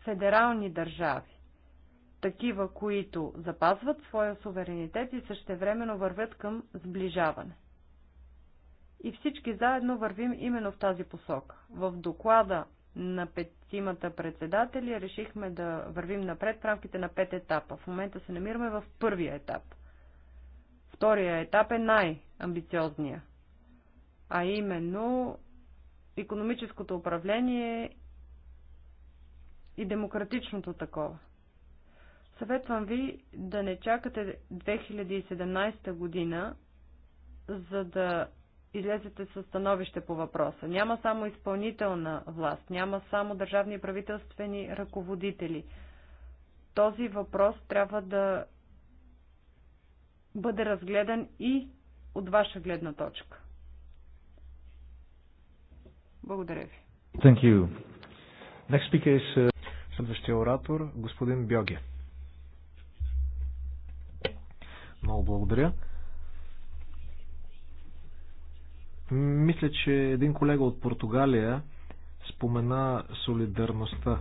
B: федерални държави. Такива, които запазват своя суверенитет и същевременно вървят към сближаване. И всички заедно вървим именно в тази посока. В доклада на петимата председатели решихме да вървим напред в рамките на пет етапа. В момента се намираме в първия етап. Втория етап е най-амбициозния – а именно економическото управление и демократичното такова. Съветвам ви да не чакате 2017 година, за да излезете със становище по въпроса. Няма само изпълнителна власт, няма само държавни и правителствени ръководители. Този въпрос трябва да бъде разгледан и от ваша гледна точка. Благодаря ви.
C: Thank you. Next speaker is... Uh... Следващия оратор, господин Бьоге. Много благодаря. Мисля, че един колега от Португалия спомена солидарността.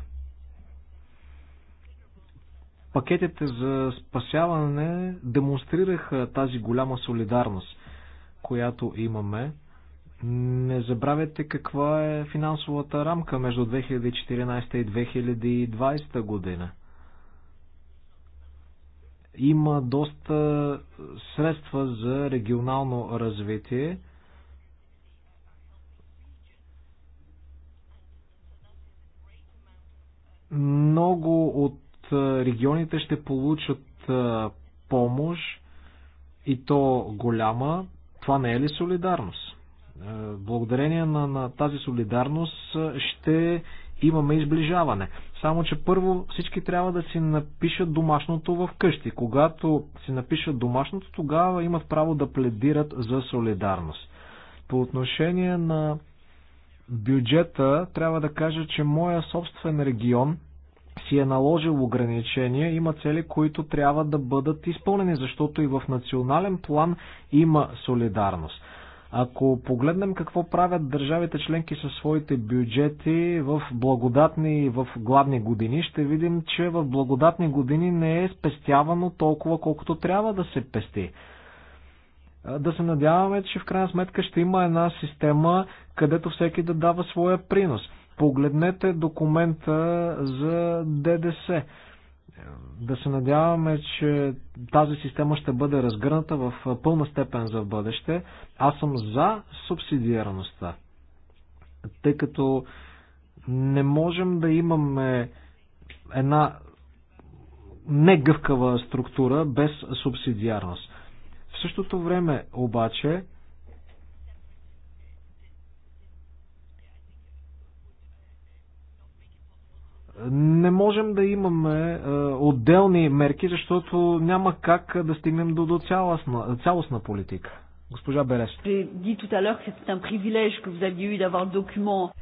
C: Пакетите за спасяване демонстрираха тази голяма солидарност, която имаме. Не забравяйте каква е финансовата рамка между 2014 и 2020 година. Има доста средства за регионално развитие. Много от регионите ще получат помощ и то голяма. Това не е ли солидарност? Е, благодарение на, на тази солидарност е, ще имаме изближаване. Само, че първо всички трябва да си напишат домашното в къщи. Когато си напишат домашното, тогава имат право да пледират за солидарност. По отношение на бюджета, трябва да кажа, че моя собствен регион си е наложил ограничения, има цели, които трябва да бъдат изпълнени, защото и в национален план има солидарност. Ако погледнем какво правят държавите членки със своите бюджети в благодатни и в гладни години, ще видим, че в благодатни години не е спестявано толкова, колкото трябва да се пести. Да се надяваме, че в крайна сметка ще има една система, където всеки да дава своя принос. Погледнете документа за ДДС. Да се надяваме, че тази система ще бъде разгърната в пълна степен за бъдеще. Аз съм за субсидиарността, тъй като не можем да имаме една негъвкава структура без субсидиарност. В същото време обаче не можем да имаме е, отделни мерки, защото няма как да стигнем до, до цялостна, цялостна политика. Госпожа Береш.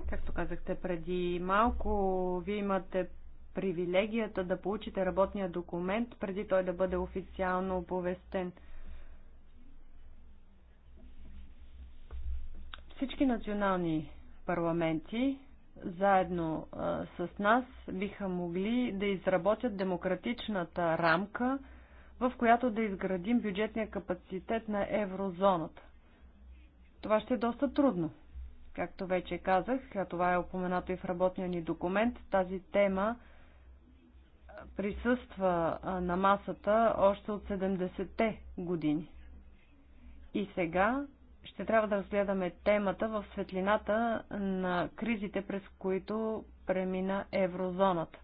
B: Както казахте преди малко, вие имате привилегията да получите работния документ преди той да бъде официално оповестен. Всички национални парламенти заедно а, с нас биха могли да изработят демократичната рамка, в която да изградим бюджетния капацитет на еврозоната. Това ще е доста трудно. Както вече казах, а това е упоменато и в работния ни документ, тази тема присъства на масата още от 70-те години. И сега ще трябва да разгледаме темата в светлината на кризите, през които премина еврозоната.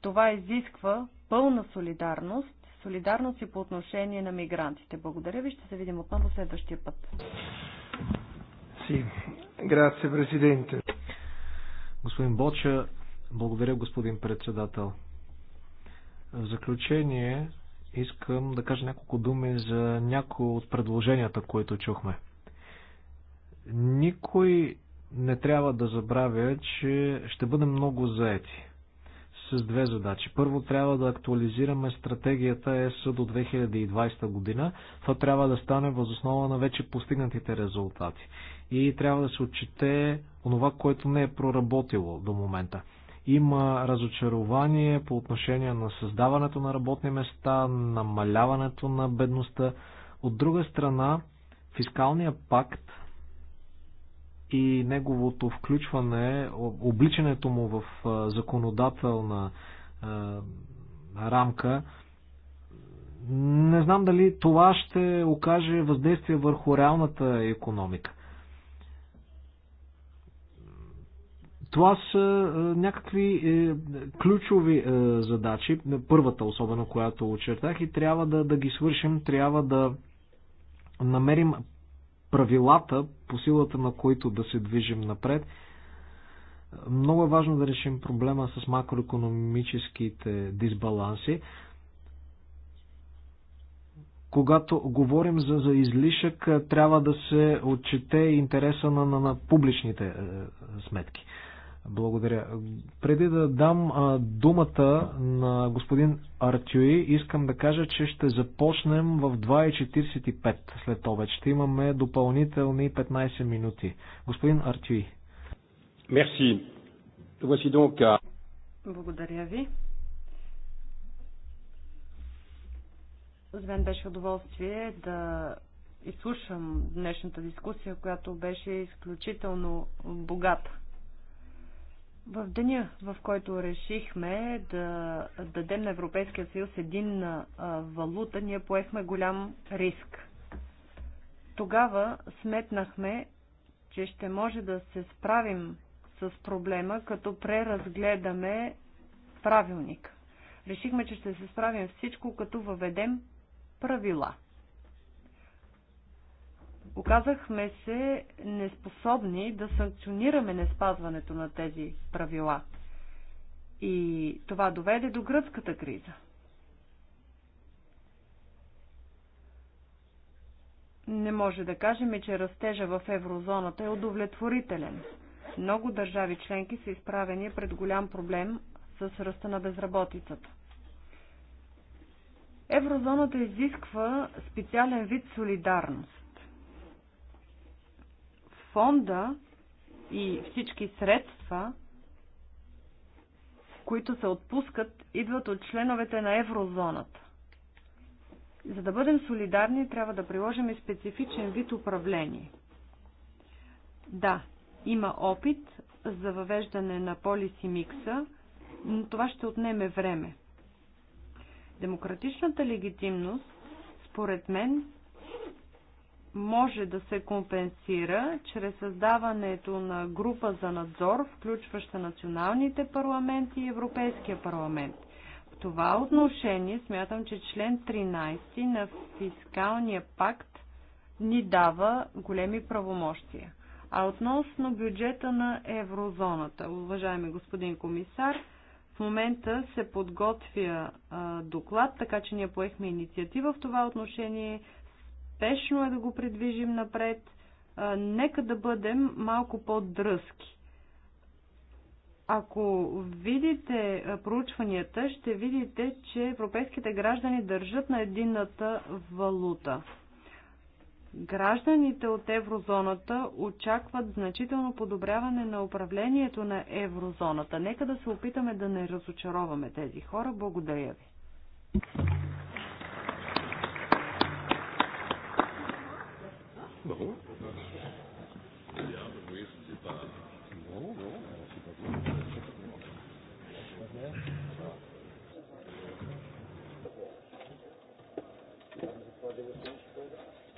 B: Това изисква пълна солидарност, солидарност и по отношение на мигрантите. Благодаря ви, ще се видим отново следващия път.
C: Си. Грация, президенте. Господин Боча, благодаря, господин председател. В заключение, Искам да кажа няколко думи за някои от предложенията, които чухме. Никой не трябва да забравя, че ще бъдем много заети с две задачи. Първо трябва да актуализираме стратегията ЕС до 2020 година. Това трябва да стане възоснова на вече постигнатите резултати. И трябва да се отчете онова, което не е проработило до момента. Има разочарование по отношение на създаването на работни места, намаляването на бедността. От друга страна, фискалния пакт и неговото включване, обличането му в законодателна рамка, не знам дали това ще окаже въздействие върху реалната економика. Това са е, някакви е, ключови е, задачи, първата особено, която очертах и трябва да, да ги свършим, трябва да намерим правилата, по силата на които да се движим напред. Много е важно да решим проблема с макроекономическите дисбаланси. Когато говорим за, за излишък, трябва да се отчете интереса на, на, на публичните е, сметки. Благодаря. Преди да дам а, думата на господин Артюи, искам да кажа, че ще започнем в 2.45 след обед. Ще имаме допълнителни 15 минути. Господин Артюи.
A: Мерси.
B: Благодаря ви. За мен беше удоволствие да изслушам днешната дискусия, която беше изключително богата. В деня, в който решихме да дадем на Европейския съюз един валута, ние поехме голям риск. Тогава сметнахме, че ще може да се справим с проблема, като преразгледаме правилник. Решихме, че ще се справим всичко, като въведем правила. Оказахме се неспособни да санкционираме неспазването на тези правила. И това доведе до гръцката криза. Не може да кажем, че растежа в еврозоната е удовлетворителен. Много държави членки са изправени пред голям проблем с ръста на безработицата. Еврозоната изисква специален вид солидарност фонда и всички средства, които се отпускат, идват от членовете на еврозоната. За да бъдем солидарни, трябва да приложим и специфичен вид управление. Да, има опит за въвеждане на полиси микса, но това ще отнеме време. Демократичната легитимност, според мен, може да се компенсира чрез създаването на група за надзор, включваща националните парламенти и Европейския парламент. В това отношение смятам, че член 13 на фискалния пакт ни дава големи правомощия. А относно бюджета на еврозоната, уважаеми господин комисар, в момента се подготвя а, доклад, така че ние поехме инициатива в това отношение Спешно е да го придвижим напред. Нека да бъдем малко по-дръзки. Ако видите проучванията, ще видите, че европейските граждани държат на единната валута. Гражданите от еврозоната очакват значително подобряване на управлението на еврозоната. Нека да се опитаме да не разочароваме тези хора. Благодаря ви. Warum?